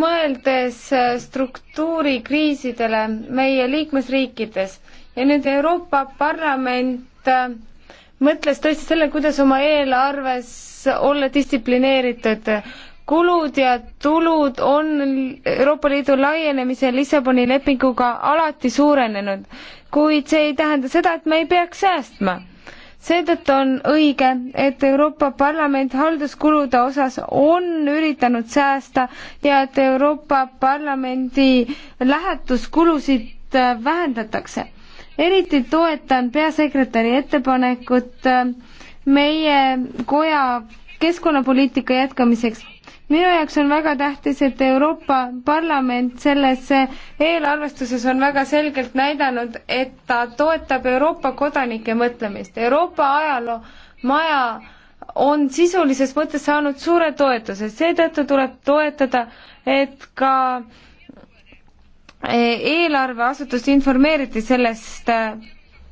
mõeldes struktuurikriisidele meie liikmesriikides ja nüüd Euroopa Parlament äh, mõtles tõesti selle, kuidas oma eelarves olla distsiplineeritud. kulud ja tulud on Euroopa Liidu laienemise Lissaboni lepinguga alati suurenenud, kuid see ei tähenda seda, et me ei peaks säästma seetõttu on õige, et Euroopa Parlament halduskulude osas on üritanud säästa ja et Euroopa Parlamendi lähetuskulusid äh, vähendatakse. eriti toetan peasekretäri ettepanekut äh, meie koja keskkonnapoliitika jätkamiseks minu jaoks on väga tähtis, et Euroopa Parlament selles eelarvestuses on väga selgelt näidanud, et ta toetab Euroopa kodanike mõtlemist. Euroopa ajaloo maja on sisulises mõttes saanud suure toetuse, seetõttu tuleb toetada, et ka eh, eelarveasutust informeeriti sellest eh,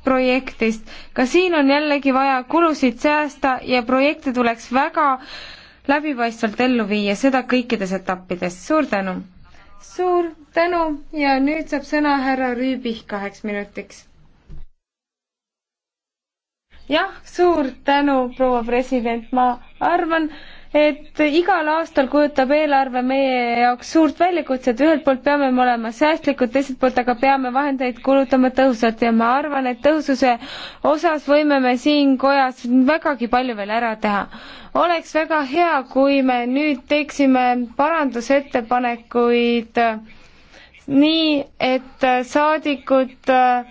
projektist. ka siin on jällegi vaja kulusid säästa ja projekte tuleks väga äh, läbipaistvalt ellu viia, seda kõikides etappides. suur tänu! suur tänu ja nüüd saab sõna härra Rüübih kaheks minutiks. jah, suur tänu, proua president, ma arvan, et igal aastal kujutab eelarve meie jaoks suurt väljakutset, ühelt poolt peame me olema säästlikud, teiselt poolt aga peame vahendeid kulutama tõhusalt ja ma arvan, et tõhususe osas võime me siin kojas vägagi palju veel ära teha. oleks väga hea, kui me nüüd teeksime parandusettepanekuid nii, et saadikud äh,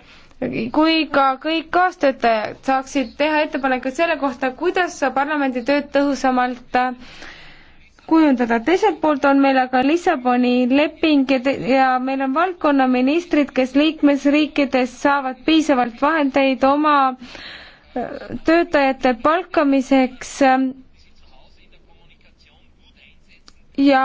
kui ka kõik kaastöötajad saaksid teha ettepanekuid selle kohta, kuidas parlamendi tööd tõhusamalt äh, kujundada. teiselt poolt on meil aga Lissaboni leping ja, ja meil on valdkonnaministrid, kes liikmesriikides saavad piisavalt vahendeid oma äh, töötajate palkamiseks äh, ja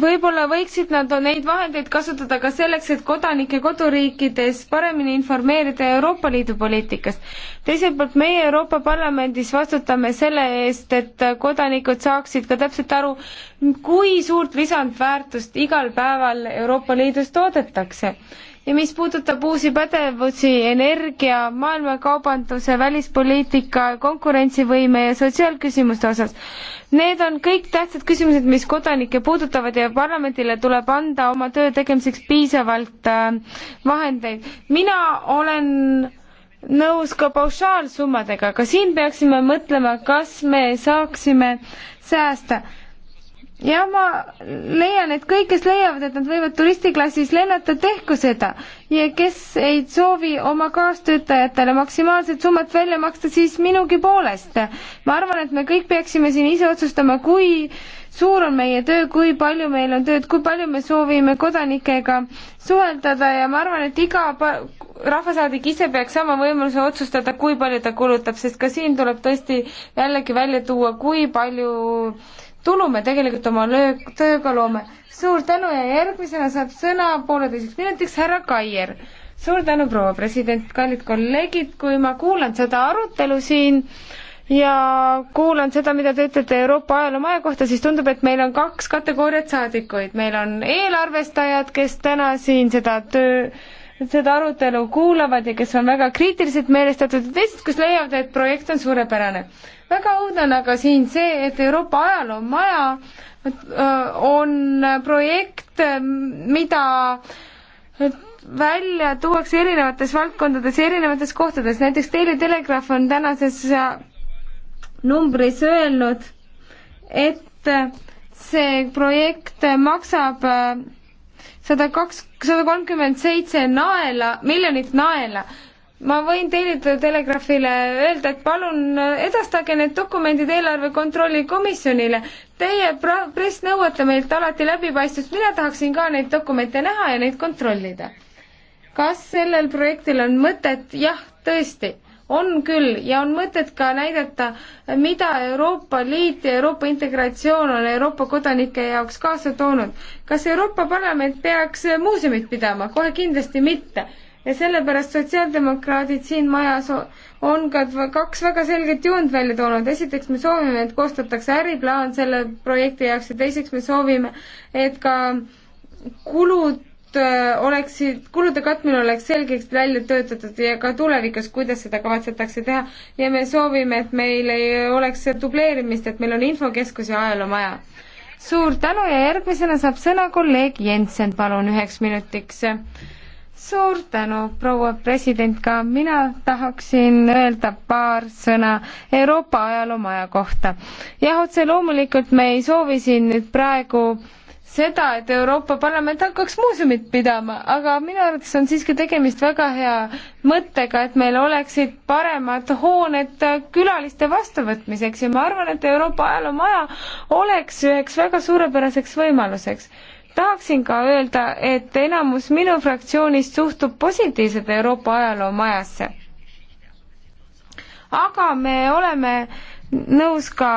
võib-olla võiksid nad neid vahendeid kasutada ka selleks, et kodanikke koduriikides paremini informeerida Euroopa Liidu poliitikast. teiselt poolt meie Euroopa Parlamendis vastutame selle eest, et kodanikud saaksid ka täpselt aru, kui suurt lisandväärtust igal päeval Euroopa Liidus toodetakse ja mis puudutab uusi pädevusi energia, maailmakaubanduse, välispoliitika, konkurentsivõime ja sotsiaalküsimuste osas. Need on kõik tähtsad küsimused, mis kodanikke puudutavad ja parlamendile tuleb anda oma töö tegemiseks piisavalt äh, vahendeid. mina olen nõus ka paušaalsummadega, ka siin peaksime mõtlema, kas me saaksime säästa ja ma leian, et kõik, kes leiavad, et nad võivad turistiklassis lennata, tehku seda. ja kes ei soovi oma kaastöötajatele maksimaalset summat välja maksta, siis minugi poolest. ma arvan, et me kõik peaksime siin ise otsustama, kui suur on meie töö, kui palju meil on tööd, kui palju me soovime kodanikega suheldada ja ma arvan, et iga rahvasaadik ise peaks sama võimaluse otsustada, kui palju ta kulutab, sest ka siin tuleb tõesti jällegi välja tuua, kui palju tulu me tegelikult oma löök, tööga loome. suur tänu ja järgmisena saab sõna pooleteiseks minutiks härra Kaier. suur tänu, proua president, kallid kolleegid, kui ma kuulan seda arutelu siin, ja kuulan seda, mida te ütlete Euroopa ajaloomaja kohta, siis tundub, et meil on kaks kategooriat saadikuid, meil on eelarvestajad, kes täna siin seda töö seda arutelu kuulavad ja kes on väga kriitiliselt meelestatud ja teised, kes leiavad, et projekt on suurepärane. väga õudne on aga siin see, et Euroopa ajaloomaja äh, on projekt, mida välja tuuakse erinevates valdkondades ja erinevates kohtades, näiteks Daily Telegraph on tänases äh, numbris öelnud, et see projekt maksab äh, sada kaks, sada kolmkümmend seitse naela, miljonit naela. ma võin teile Telegraafile öelda, et palun edastage need dokumendid eelarve kontrolli komisjonile. Teie press nõuate meilt alati läbipaistvust, mina tahaksin ka neid dokumente näha ja neid kontrollida. kas sellel projektil on mõtet? jah, tõesti on küll ja on mõtet ka näidata, mida Euroopa Liit ja Euroopa integratsioon on Euroopa kodanike jaoks kaasa toonud. kas Euroopa Parlament peaks muuseumit pidama? kohe kindlasti mitte. ja sellepärast sotsiaaldemokraadid siin majas on ka kaks väga selget joont välja toonud. esiteks me soovime, et koostatakse äriplaan selle projekti jaoks ja teiseks me soovime, et ka kulud Äh, oleksid, kulude katmine oleks selgeks välja töötatud ja ka tulevikus, kuidas seda kavatsetakse teha ja me soovime, et meil ei oleks dubleerimist, et meil on infokeskus ja ajaloo maja. suur tänu ja järgmisena saab sõna kolleeg Jensen, palun üheks minutiks. suur tänu, proua president, ka mina tahaksin öelda paar sõna Euroopa ajaloo maja kohta. jah, otse loomulikult me ei soovi siin nüüd praegu äh, seda, et Euroopa Parlament hakkaks muuseumit pidama, aga minu arvates on siiski tegemist väga hea mõttega, et meil oleksid paremad hooned külaliste vastuvõtmiseks ja ma arvan, et Euroopa ajaloomaja oleks üheks väga suurepäraseks võimaluseks tahaksin ka öelda, et enamus minu fraktsioonist suhtub positiivselt Euroopa ajaloomajasse. aga me oleme nõus ka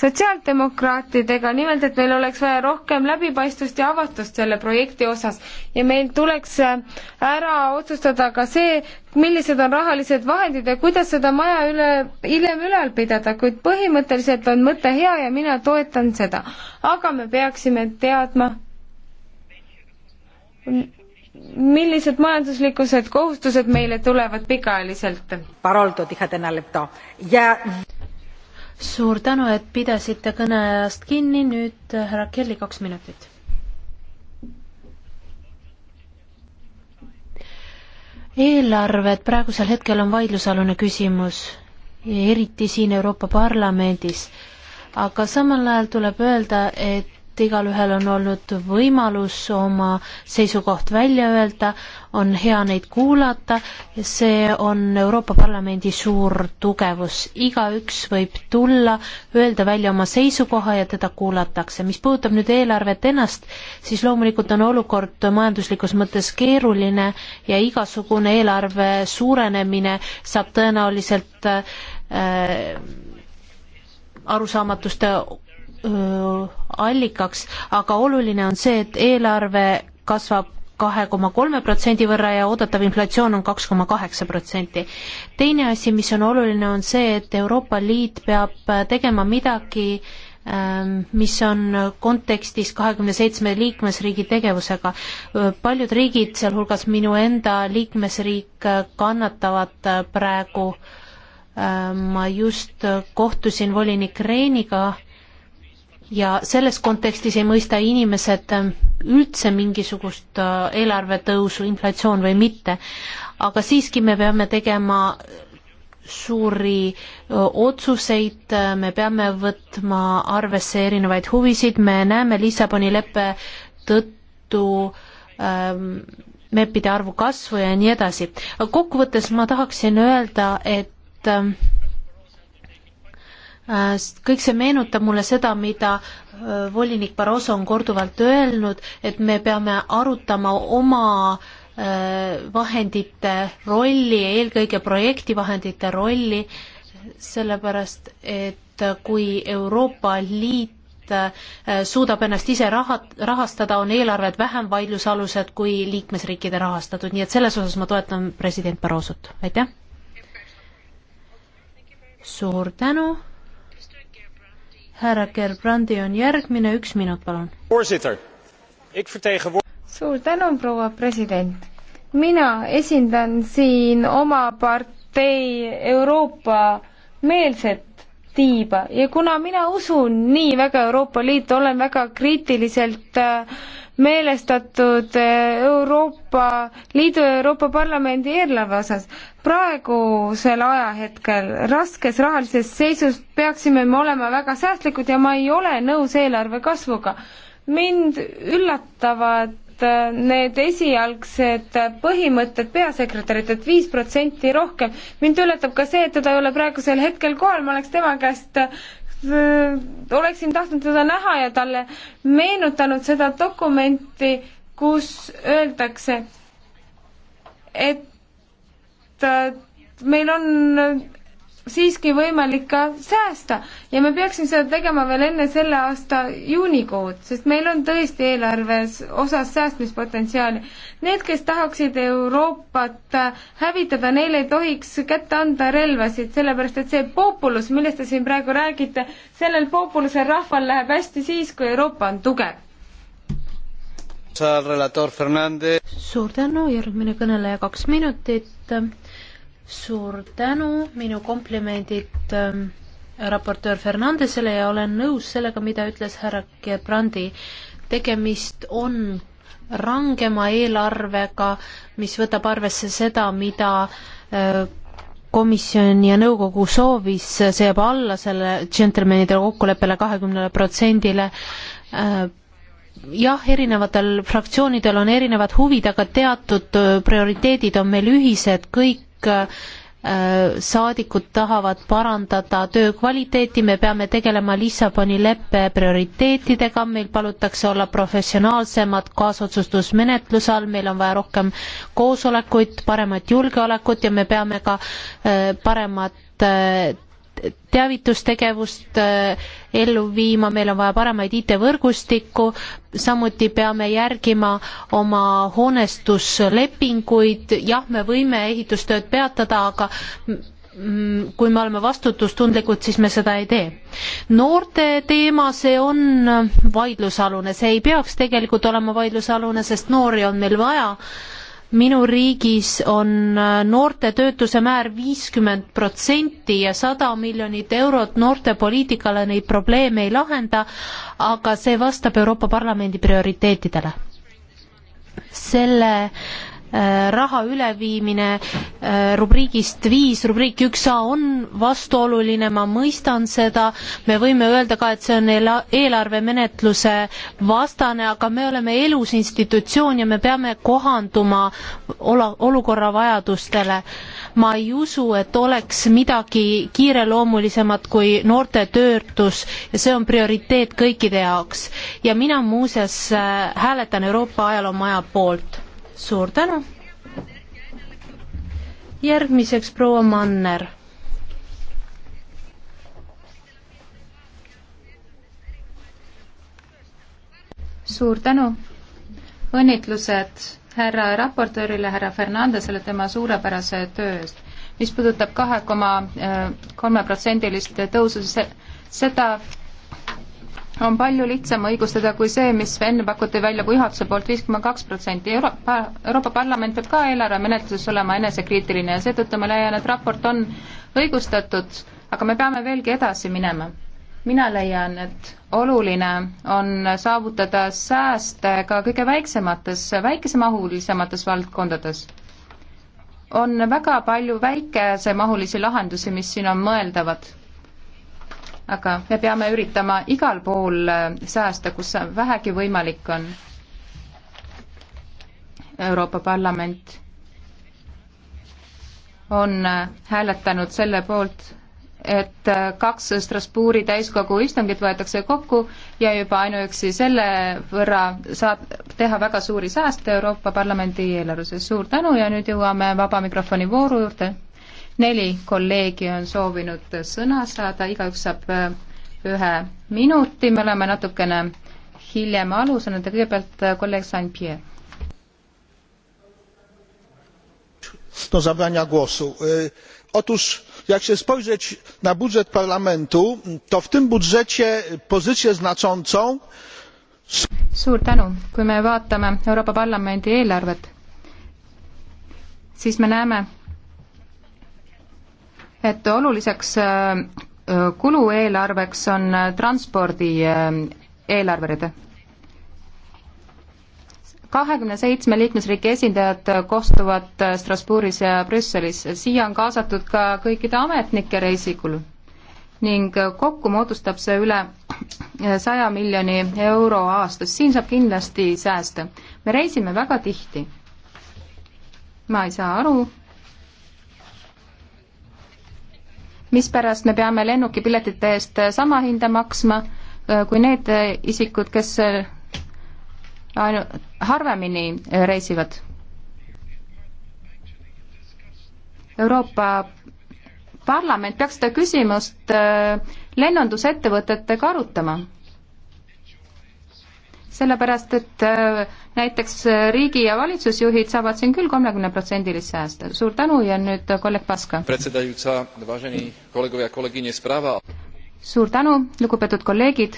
sotsiaaldemokraatidega, nimelt et meil oleks vaja rohkem läbipaistvust ja avatust selle projekti osas ja meil tuleks ära otsustada ka see, millised on rahalised vahendid ja kuidas seda maja üle, hiljem ülal pidada, kuid põhimõtteliselt on mõte hea ja mina toetan seda. aga me peaksime teadma, millised majanduslikused kohustused meile tulevad pikaajaliselt. ja suur tänu, et pidasite kõneajast kinni, nüüd äh, härra Kelly, kaks minutit. eelarved praegusel hetkel on vaidlusalune küsimus, eriti siin Euroopa Parlamendis, aga samal ajal tuleb öelda, et et igalühel on olnud võimalus oma seisukoht välja öelda, on hea neid kuulata ja see on Euroopa Parlamendi suur tugevus. igaüks võib tulla, öelda välja oma seisukoha ja teda kuulatakse. mis puudutab nüüd eelarvet ennast, siis loomulikult on olukord majanduslikus mõttes keeruline ja igasugune eelarve suurenemine saab tõenäoliselt äh, äh arusaamatuste allikaks, aga oluline on see, et eelarve kasvab kahe koma kolme protsendi võrra ja oodatav inflatsioon on kaks koma kaheksa protsenti. teine asi, mis on oluline, on see, et Euroopa Liit peab äh, tegema midagi, ähm, mis on kontekstis kahekümne seitsme liikmesriigi tegevusega. paljud riigid, sealhulgas minu enda liikmesriik, äh, kannatavad äh, praegu ma just kohtusin volinik Reeniga, ja selles kontekstis ei mõista inimesed ähm, üldse mingisugust äh, eelarvetõusu, inflatsioon või mitte, aga siiski me peame tegema äh, suuri äh, otsuseid, me peame võtma arvesse erinevaid huvisid, me näeme Lissaboni leppe tõttu ähm, MEP-ide arvu kasvu ja nii edasi. kokkuvõttes ma tahaksin öelda, et ähm, Äh, kõik see meenutab mulle seda, mida äh, volinik Barroso on korduvalt öelnud, et me peame arutama oma äh, vahendite rolli, eelkõige projektivahendite rolli, sellepärast et kui Euroopa Liit suudab ennast ise raha, rahastada, on eelarved vähem vaidlusalused kui liikmesriikide rahastatud, nii et selles osas ma toetan president Barrosot, aitäh! suur tänu! härra Gerbrandi on järgmine, üks minut, palun. suur tänu, proua president. mina esindan siin oma partei Euroopa meelset tiiba ja kuna mina usun nii väga Euroopa Liitu, olen väga kriitiliselt äh, meelestatud eh, Euroopa Liidu ja Euroopa Parlamendi eelarve osas. praegusel ajahetkel raskes rahalises seisus peaksime me olema väga säästlikud ja ma ei ole nõus eelarve kasvuga. mind üllatavad eh, need esialgsed põhimõtted peasekretärilt, et viis protsenti rohkem. mind üllatab ka see, et teda ei ole praegusel hetkel kohal, ma oleks tema käest Äh, oleksin tahtnud teda näha ja talle meenutanud seda dokumenti, kus öeldakse, et meil on siiski võimalik ka säästa ja me peaksime seda tegema veel enne selle aasta juunikuud, sest meil on tõesti eelarves osas säästmispotentsiaali. Need, kes tahaksid Euroopat hävitada, neile ei tohiks kätte anda relvasid, sellepärast et see populus, millest te siin praegu räägite, sellel populusel rahval läheb hästi siis, kui Euroopa on tugev. suur tänu, järgmine kõneleja kaks minutit suur tänu, minu komplimendid ähm, raportöör Fernandesele ja olen nõus sellega, mida ütles härra Gerbrandi. tegemist on rangema eelarvega, mis võtab arvesse seda, mida äh, komisjon ja nõukogu soovis, see jääb alla selle džentelmenide kokkuleppele kahekümnele protsendile äh, jah, erinevatel fraktsioonidel on erinevad huvid, aga teatud äh, prioriteedid on meil ühised, kõik Äh, saadikud tahavad parandada töö kvaliteeti, me peame tegelema Lissaboni leppe prioriteetidega, meil palutakse olla professionaalsemad kaasotsustusmenetluse all, meil on vaja rohkem koosolekuid, paremat julgeolekut ja me peame ka äh, paremat äh, teavitustegevust äh, ellu viima, meil on vaja paremaid IT-võrgustikku, samuti peame järgima oma hoonestuslepinguid, jah, me võime ehitustööd peatada, aga kui me oleme vastutustundlikud, siis me seda ei tee. noorte teema, see on vaidlusalune, see ei peaks tegelikult olema vaidlusalune, sest noori on meil vaja minu riigis on äh, noorte töötuse määr viiskümmend protsenti ja sada miljonit eurot noortepoliitikale neid probleeme ei lahenda, aga see vastab Euroopa Parlamendi prioriteetidele. selle Äh, raha üleviimine äh, rubriigist viis rubriiki üks A on vastuoluline, ma mõistan seda, me võime öelda ka, et see on eelarvemenetluse vastane, aga me oleme elus institutsioon ja me peame kohanduma ola-, olukorra vajadustele ma ei usu, et oleks midagi kiireloomulisemat kui noorte töötus ja see on prioriteet kõikide jaoks. ja mina muuseas äh, hääletan Euroopa ajaloomaja poolt suur tänu. järgmiseks proua Manner. suur tänu. õnnitlused härra raportöörile, härra Fernandesele tema suurepärase töö eest. mis puudutab kahe koma eh, kolmeprotsendilist tõusu, seda on palju lihtsam õigustada kui see, mis enne pakuti välja kui juhatuse poolt viis koma kaks protsenti. Euroopa, Euroopa Parlament peab ka eelarvemenetluses olema enesekriitiline ja seetõttu ma leian, et raport on õigustatud, aga me peame veelgi edasi minema. mina leian, et oluline on saavutada sääste ka kõige väiksemates, väikesemahulisemates valdkondades on väga palju väikesemahulisi lahendusi, mis siin on mõeldavad aga me peame üritama igal pool äh, säästa, kus vähegi võimalik on. Euroopa Parlament on äh, hääletanud selle poolt, et äh, kaks Strasbourgi täiskogu istungit võetakse kokku ja juba ainuüksi selle võrra saab teha väga suuri sääste Euroopa Parlamendi eelarvuses. suur tänu ja nüüd jõuame vaba mikrofoni vooru juurde neli kolleegi on soovinud sõna saada, igaüks saab äh, ühe minuti, me oleme natukene hiljem alusanud ja kõigepealt äh, kolleeg Saint-Pierre. do zabrania głosu. Otóż jak się spojrzeć na budżet parlamentu, to w tym budżecie pozycję znaczącą suur tänu, kui me vaatame Euroopa Parlamendi eelarvet, siis me näeme, et oluliseks äh, äh, kulueelarveks on äh, transpordi eelarverid. kahekümne seitsme liikmesriigi esindajad kohtuvad Strasbourgis ja Brüsselis, siia on kaasatud ka kõikide ametnike reisikulu ning kokku moodustab see üle saja miljoni euro aastas, siin saab kindlasti säästa. me reisime väga tihti. ma ei saa aru, mispärast me peame lennukipiletite eest sama hinda maksma äh, kui need isikud, kes äh, ainult harvemini äh, reisivad. Euroopa Parlament peaks seda küsimust lennundusettevõtetega arutama sellepärast et äh, näiteks äh, riigi- ja valitsusjuhid saavad siin küll kolmekümneprotsendilist säästa. suur tänu ja nüüd äh, kolleeg Paska. suur tänu, lugupeetud kolleegid.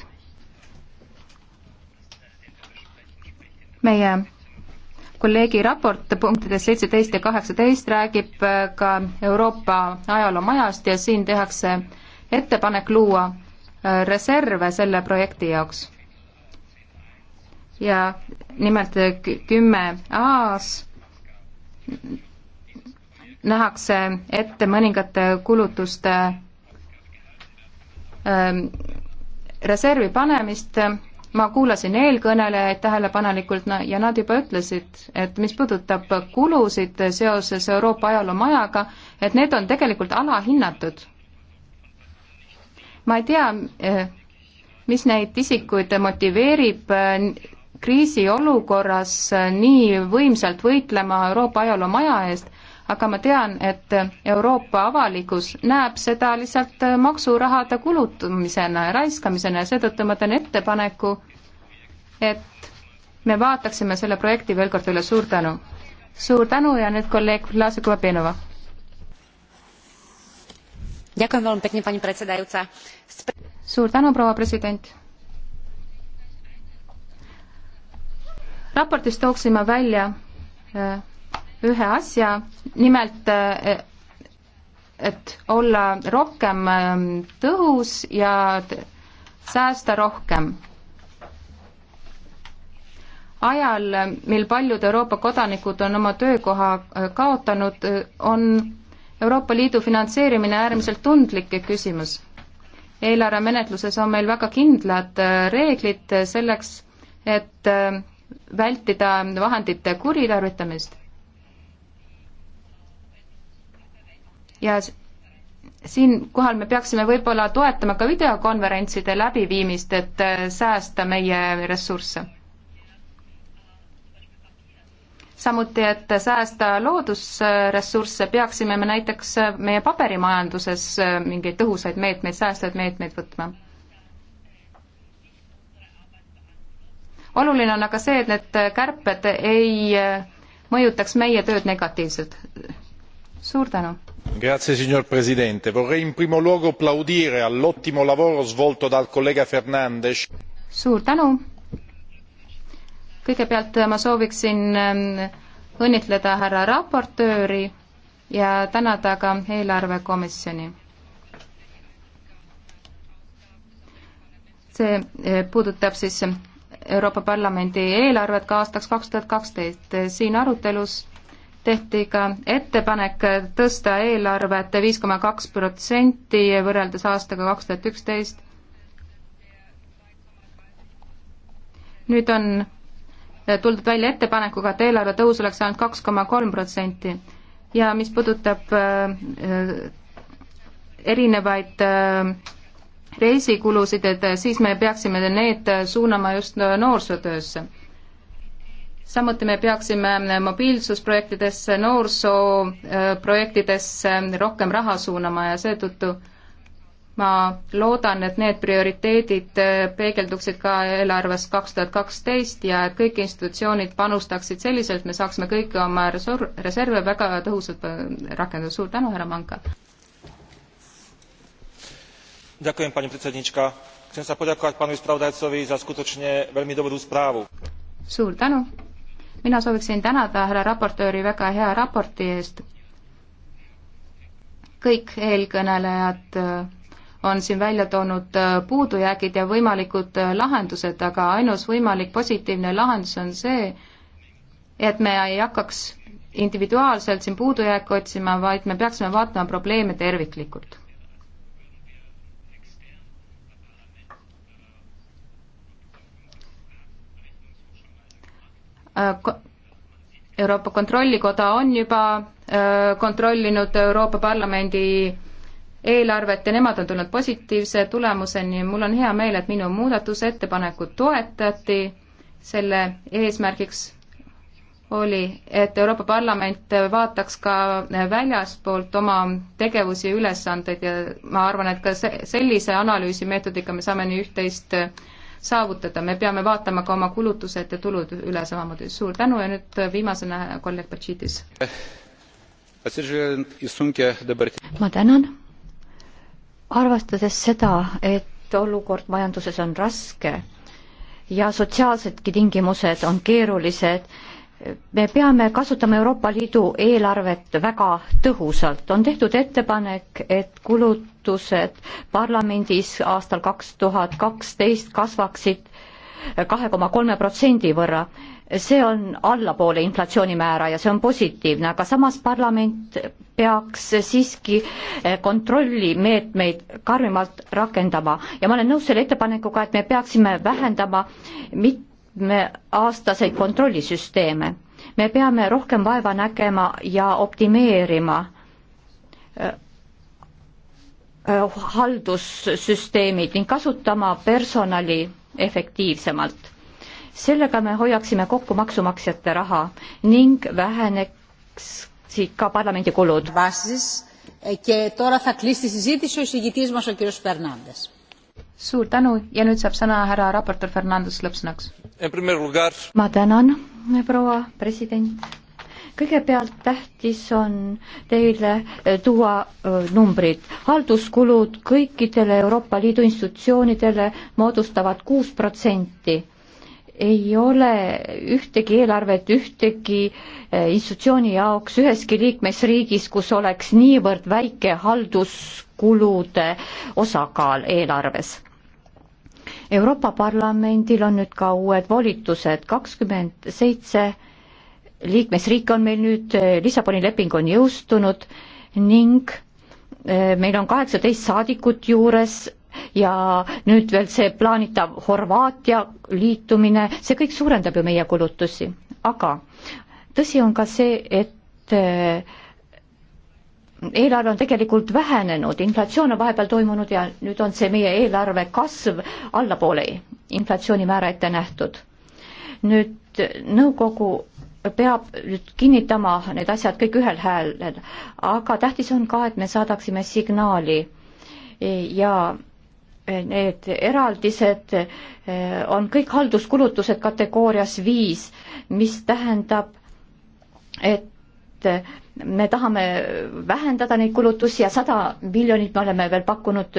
meie kolleegi raport punktides seitseteist ja kaheksateist räägib ka Euroopa ajaloomajast ja siin tehakse ettepanek luua reserve selle projekti jaoks ja nimelt äh, kümme A-s nähakse ette mõningate kulutuste ähm, reservi panemist, ma kuulasin eelkõnelejaid tähelepanelikult no, ja nad juba ütlesid, et mis puudutab kulusid seoses Euroopa ajaloomajaga, et need on tegelikult alahinnatud. ma ei tea, äh, mis neid isikuid motiveerib äh, kriisiolukorras nii võimsalt võitlema Euroopa ajaloo maja eest, aga ma tean, et Euroopa avalikkus näeb seda lihtsalt maksurahade kulutamisena ja raiskamisena ja seetõttu ma teen ettepaneku, et me vaataksime selle projekti veel kord üle, suur tänu! suur tänu ja nüüd kolleeg Vlasa Kvapenova. suur tänu, proua president! raportis tooksin ma välja äh, ühe asja, nimelt äh, et olla rohkem ähm, tõhus ja säästa rohkem. ajal, mil paljud Euroopa kodanikud on oma töökoha äh, kaotanud, on Euroopa Liidu finantseerimine äärmiselt tundlik küsimus. eelarvemenetluses on meil väga kindlad reeglid selleks, et vältida vahendite kuritarvitamist. ja siinkohal me peaksime võib-olla toetama ka videokonverentside läbiviimist, et äh, säästa meie ressursse. samuti, et säästa loodusressursse, peaksime me näiteks meie paberimajanduses äh, mingeid tõhusaid meetmeid, säästvaid meetmeid võtma oluline on aga see, et need kärped ei äh, mõjutaks meie tööd negatiivselt. suur tänu. Grazie signor Presidente, vorrei in primo luogo plaudire all'ottimo lavoro svolto dal collega Fernandes. suur tänu. kõigepealt äh, ma sooviksin ähm, õnnitleda härra raportööri ja tänada ka eelarvekomisjoni see äh, puudutab siis Euroopa Parlamendi eelarvet ka aastaks kaks tuhat kaksteist. siin arutelus tehti ka ettepanek tõsta eelarvet viis koma kaks protsenti võrreldes aastaga kaks tuhat üksteist. nüüd on tuldud välja ettepanekuga, et eelarve tõus oleks ainult kaks koma kolm protsenti ja mis puudutab äh, erinevaid äh, reisikulusid, et siis me peaksime need suunama just noorsootöösse. samuti me peaksime mobiilsusprojektidesse, noorsooprojektidesse rohkem raha suunama ja seetõttu ma loodan, et need prioriteedid peegelduksid ka eelarves kaks tuhat kaksteist ja et kõik institutsioonid panustaksid selliselt, me saaksime kõiki oma reserve väga tõhusalt rakendada. suur tänu, härra Manka! chcem sa poďakovať pánovi spravodajcovi za skutočne veľmi dobrú správu. suur tänu mina sooviksin tänada härra raportööri väga hea raporti eest kõik eelkõnelejad äh, on siin välja toonud äh, puudujäägid ja võimalikud äh, lahendused, aga ainus võimalik positiivne lahendus on see, et me ei hakkaks individuaalselt siin puudujääke otsima, vaid me peaksime vaatama probleeme terviklikult Äh, Euroopa Kontrollikoda on juba äh, kontrollinud Euroopa Parlamendi eelarvet ja nemad on tulnud positiivse tulemuseni. mul on hea meel, et minu muudatusettepanekut toetati. selle eesmärgiks oli, et Euroopa Parlament vaataks ka väljaspoolt oma tegevusi ja ülesandeid ja ma arvan, et ka sellise analüüsimeetodiga me saame nii üht-teist saavutada, me peame vaatama ka oma kulutused ja tulud üle samamoodi. suur tänu ja nüüd viimasena kolleeg Batšiidis. ma tänan. arvestades seda, et olukord majanduses on raske ja sotsiaalsedki tingimused on keerulised, me peame kasutama Euroopa Liidu eelarvet väga tõhusalt. on tehtud ettepanek, et kulutused parlamendis aastal kaks tuhat kaksteist kasvaksid kahe koma kolme protsendi võrra. see on allapoole inflatsioonimäära ja see on positiivne, aga samas parlament peaks siiski kontrollimeetmeid karmimalt rakendama ja ma olen nõus selle ettepanekuga, et me peaksime vähendama mitte me aastaseid kontrollisüsteeme. me peame rohkem vaeva nägema ja optimeerima äh, äh, haldussüsteemid ning kasutama personali efektiivsemalt. sellega me hoiaksime kokku maksumaksjate raha ning väheneksid ka parlamendi kulud. Eh, και τώρα θα κλείσει τη συζήτηση ο εισηγητής μας ο κύριος Φερνάνδες suur tänu ja nüüd saab sõna härra raportor Fernandes lõppsõnaks. ma tänan, proua president. kõigepealt tähtis on teile eh, tuua eh, numbrid. halduskulud kõikidele Euroopa Liidu institutsioonidele moodustavad kuus protsenti ei ole ühtegi eelarvet ühtegi eh, institutsiooni jaoks üheski liikmesriigis, kus oleks niivõrd väike halduskulude osakaal eelarves. Euroopa Parlamendil on nüüd ka uued volitused, kakskümmend seitse liikmesriike on meil nüüd, Lissaboni leping on jõustunud ning eh, meil on kaheksateist saadikut juures ja nüüd veel see plaanitav Horvaatia liitumine, see kõik suurendab ju meie kulutusi, aga tõsi on ka see, et eh, eelarve on tegelikult vähenenud, inflatsioon on vahepeal toimunud ja nüüd on see meie eelarve kasv allapoole inflatsioonimäära ette nähtud. nüüd nõukogu peab nüüd kinnitama need asjad kõik ühel häälel, aga tähtis on ka, et me saadaksime signaali ja need eraldised eh, on kõik halduskulutused kategoorias viis, mis tähendab, et me tahame vähendada neid kulutusi ja sada miljonit me oleme veel pakkunud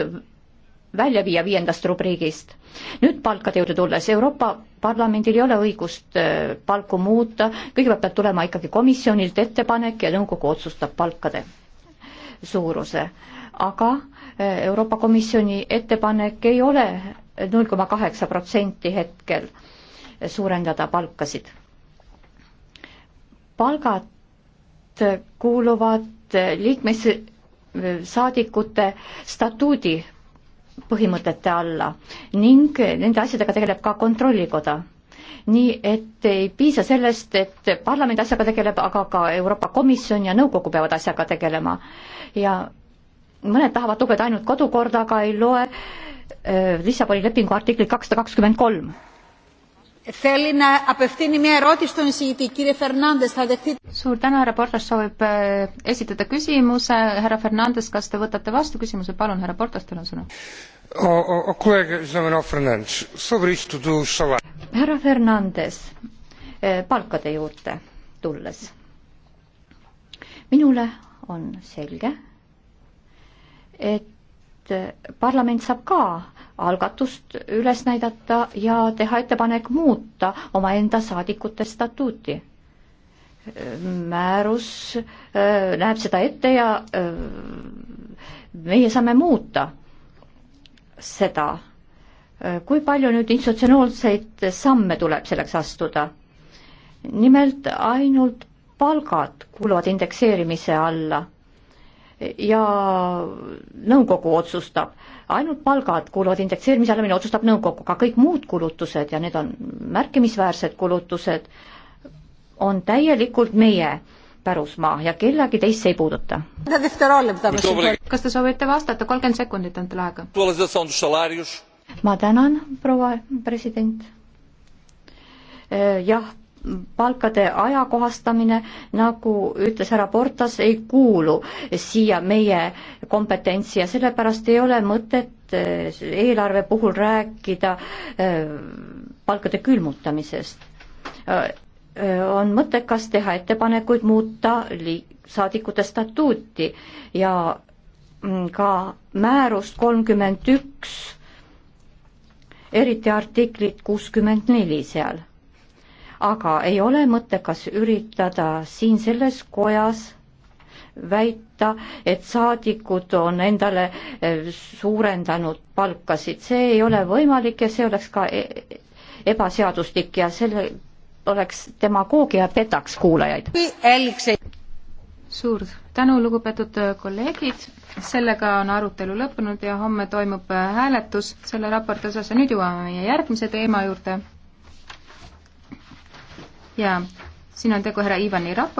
välja viia viiendast rubriigist. nüüd palkade juurde tulles, Euroopa Parlamendil ei ole õigust äh, palku muuta, kõigepealt peab tulema ikkagi komisjonilt ettepanek ja nõukogu otsustab palkade suuruse. aga äh, Euroopa Komisjoni ettepanek ei ole null koma kaheksa protsenti hetkel suurendada palkasid. palgad kuuluvad liikmessaadikute statuudi põhimõtete alla ning nende asjadega tegeleb ka Kontrollikoda. nii et ei piisa sellest, et parlament asjaga tegeleb, aga ka Euroopa Komisjon ja nõukogu peavad asjaga tegelema. ja mõned tahavad lugeda ainult kodukorda, aga ei loe äh, Lissaboni lepingu artiklit kakssada kakskümmend kolm Θέλει να απευθύνει μια ερώτηση στον εισηγητή. Κύριε Φερνάντες, θα δεχτείτε. Suur tänu, härra Portas soovib äh, esitada küsimuse. Härra Fernandes, kas te võtate vastu küsimuse? Palun, härra Portas, teil on sõna. O, o, kolleeg Znamenov Fernandes, sobre isto do salário. Härra Fernandes, äh, palkade juurde tulles. Minule on selge, et äh, parlament saab ka algatust üles näidata ja teha ettepanek muuta omaenda saadikute statuuti. määrus äh, näeb seda ette ja äh, meie saame muuta seda. Äh, kui palju nüüd institutsionaalseid samme tuleb selleks astuda? nimelt ainult palgad kuuluvad indekseerimise alla ja nõukogu otsustab. ainult palgad kuuluvad indekseerimise alla, mille otsustab nõukogu, aga kõik muud kulutused ja need on märkimisväärsed kulutused, on täielikult meie pärusmaa ja kellegi teist see ei puuduta. kas te soovite vastata, kolmkümmend sekundit on teil aega. ma tänan, proua president. jah palkade ajakohastamine, nagu ütles härra Portas, ei kuulu siia meie kompetentsi ja sellepärast ei ole mõtet eh, eelarve puhul rääkida eh, palkade külmutamisest. Eh, on mõttekas teha ettepanekuid muuta li-, saadikute statuuti ja mm, ka määrust kolmkümmend üks, eriti artiklit kuuskümmend neli seal aga ei ole mõttekas üritada siin selles kojas väita, et saadikud on endale eh, suurendanud palkasid, see ei ole võimalik ja see oleks ka e-, ebaseaduslik ja selle oleks demagoogia petaks kuulajaid. suur tänu, lugupeetud kolleegid, sellega on arutelu lõppenud ja homme toimub hääletus selle raporti osas ja nüüd jõuame meie järgmise teema juurde ja siin on tegu härra Ivani raportiga.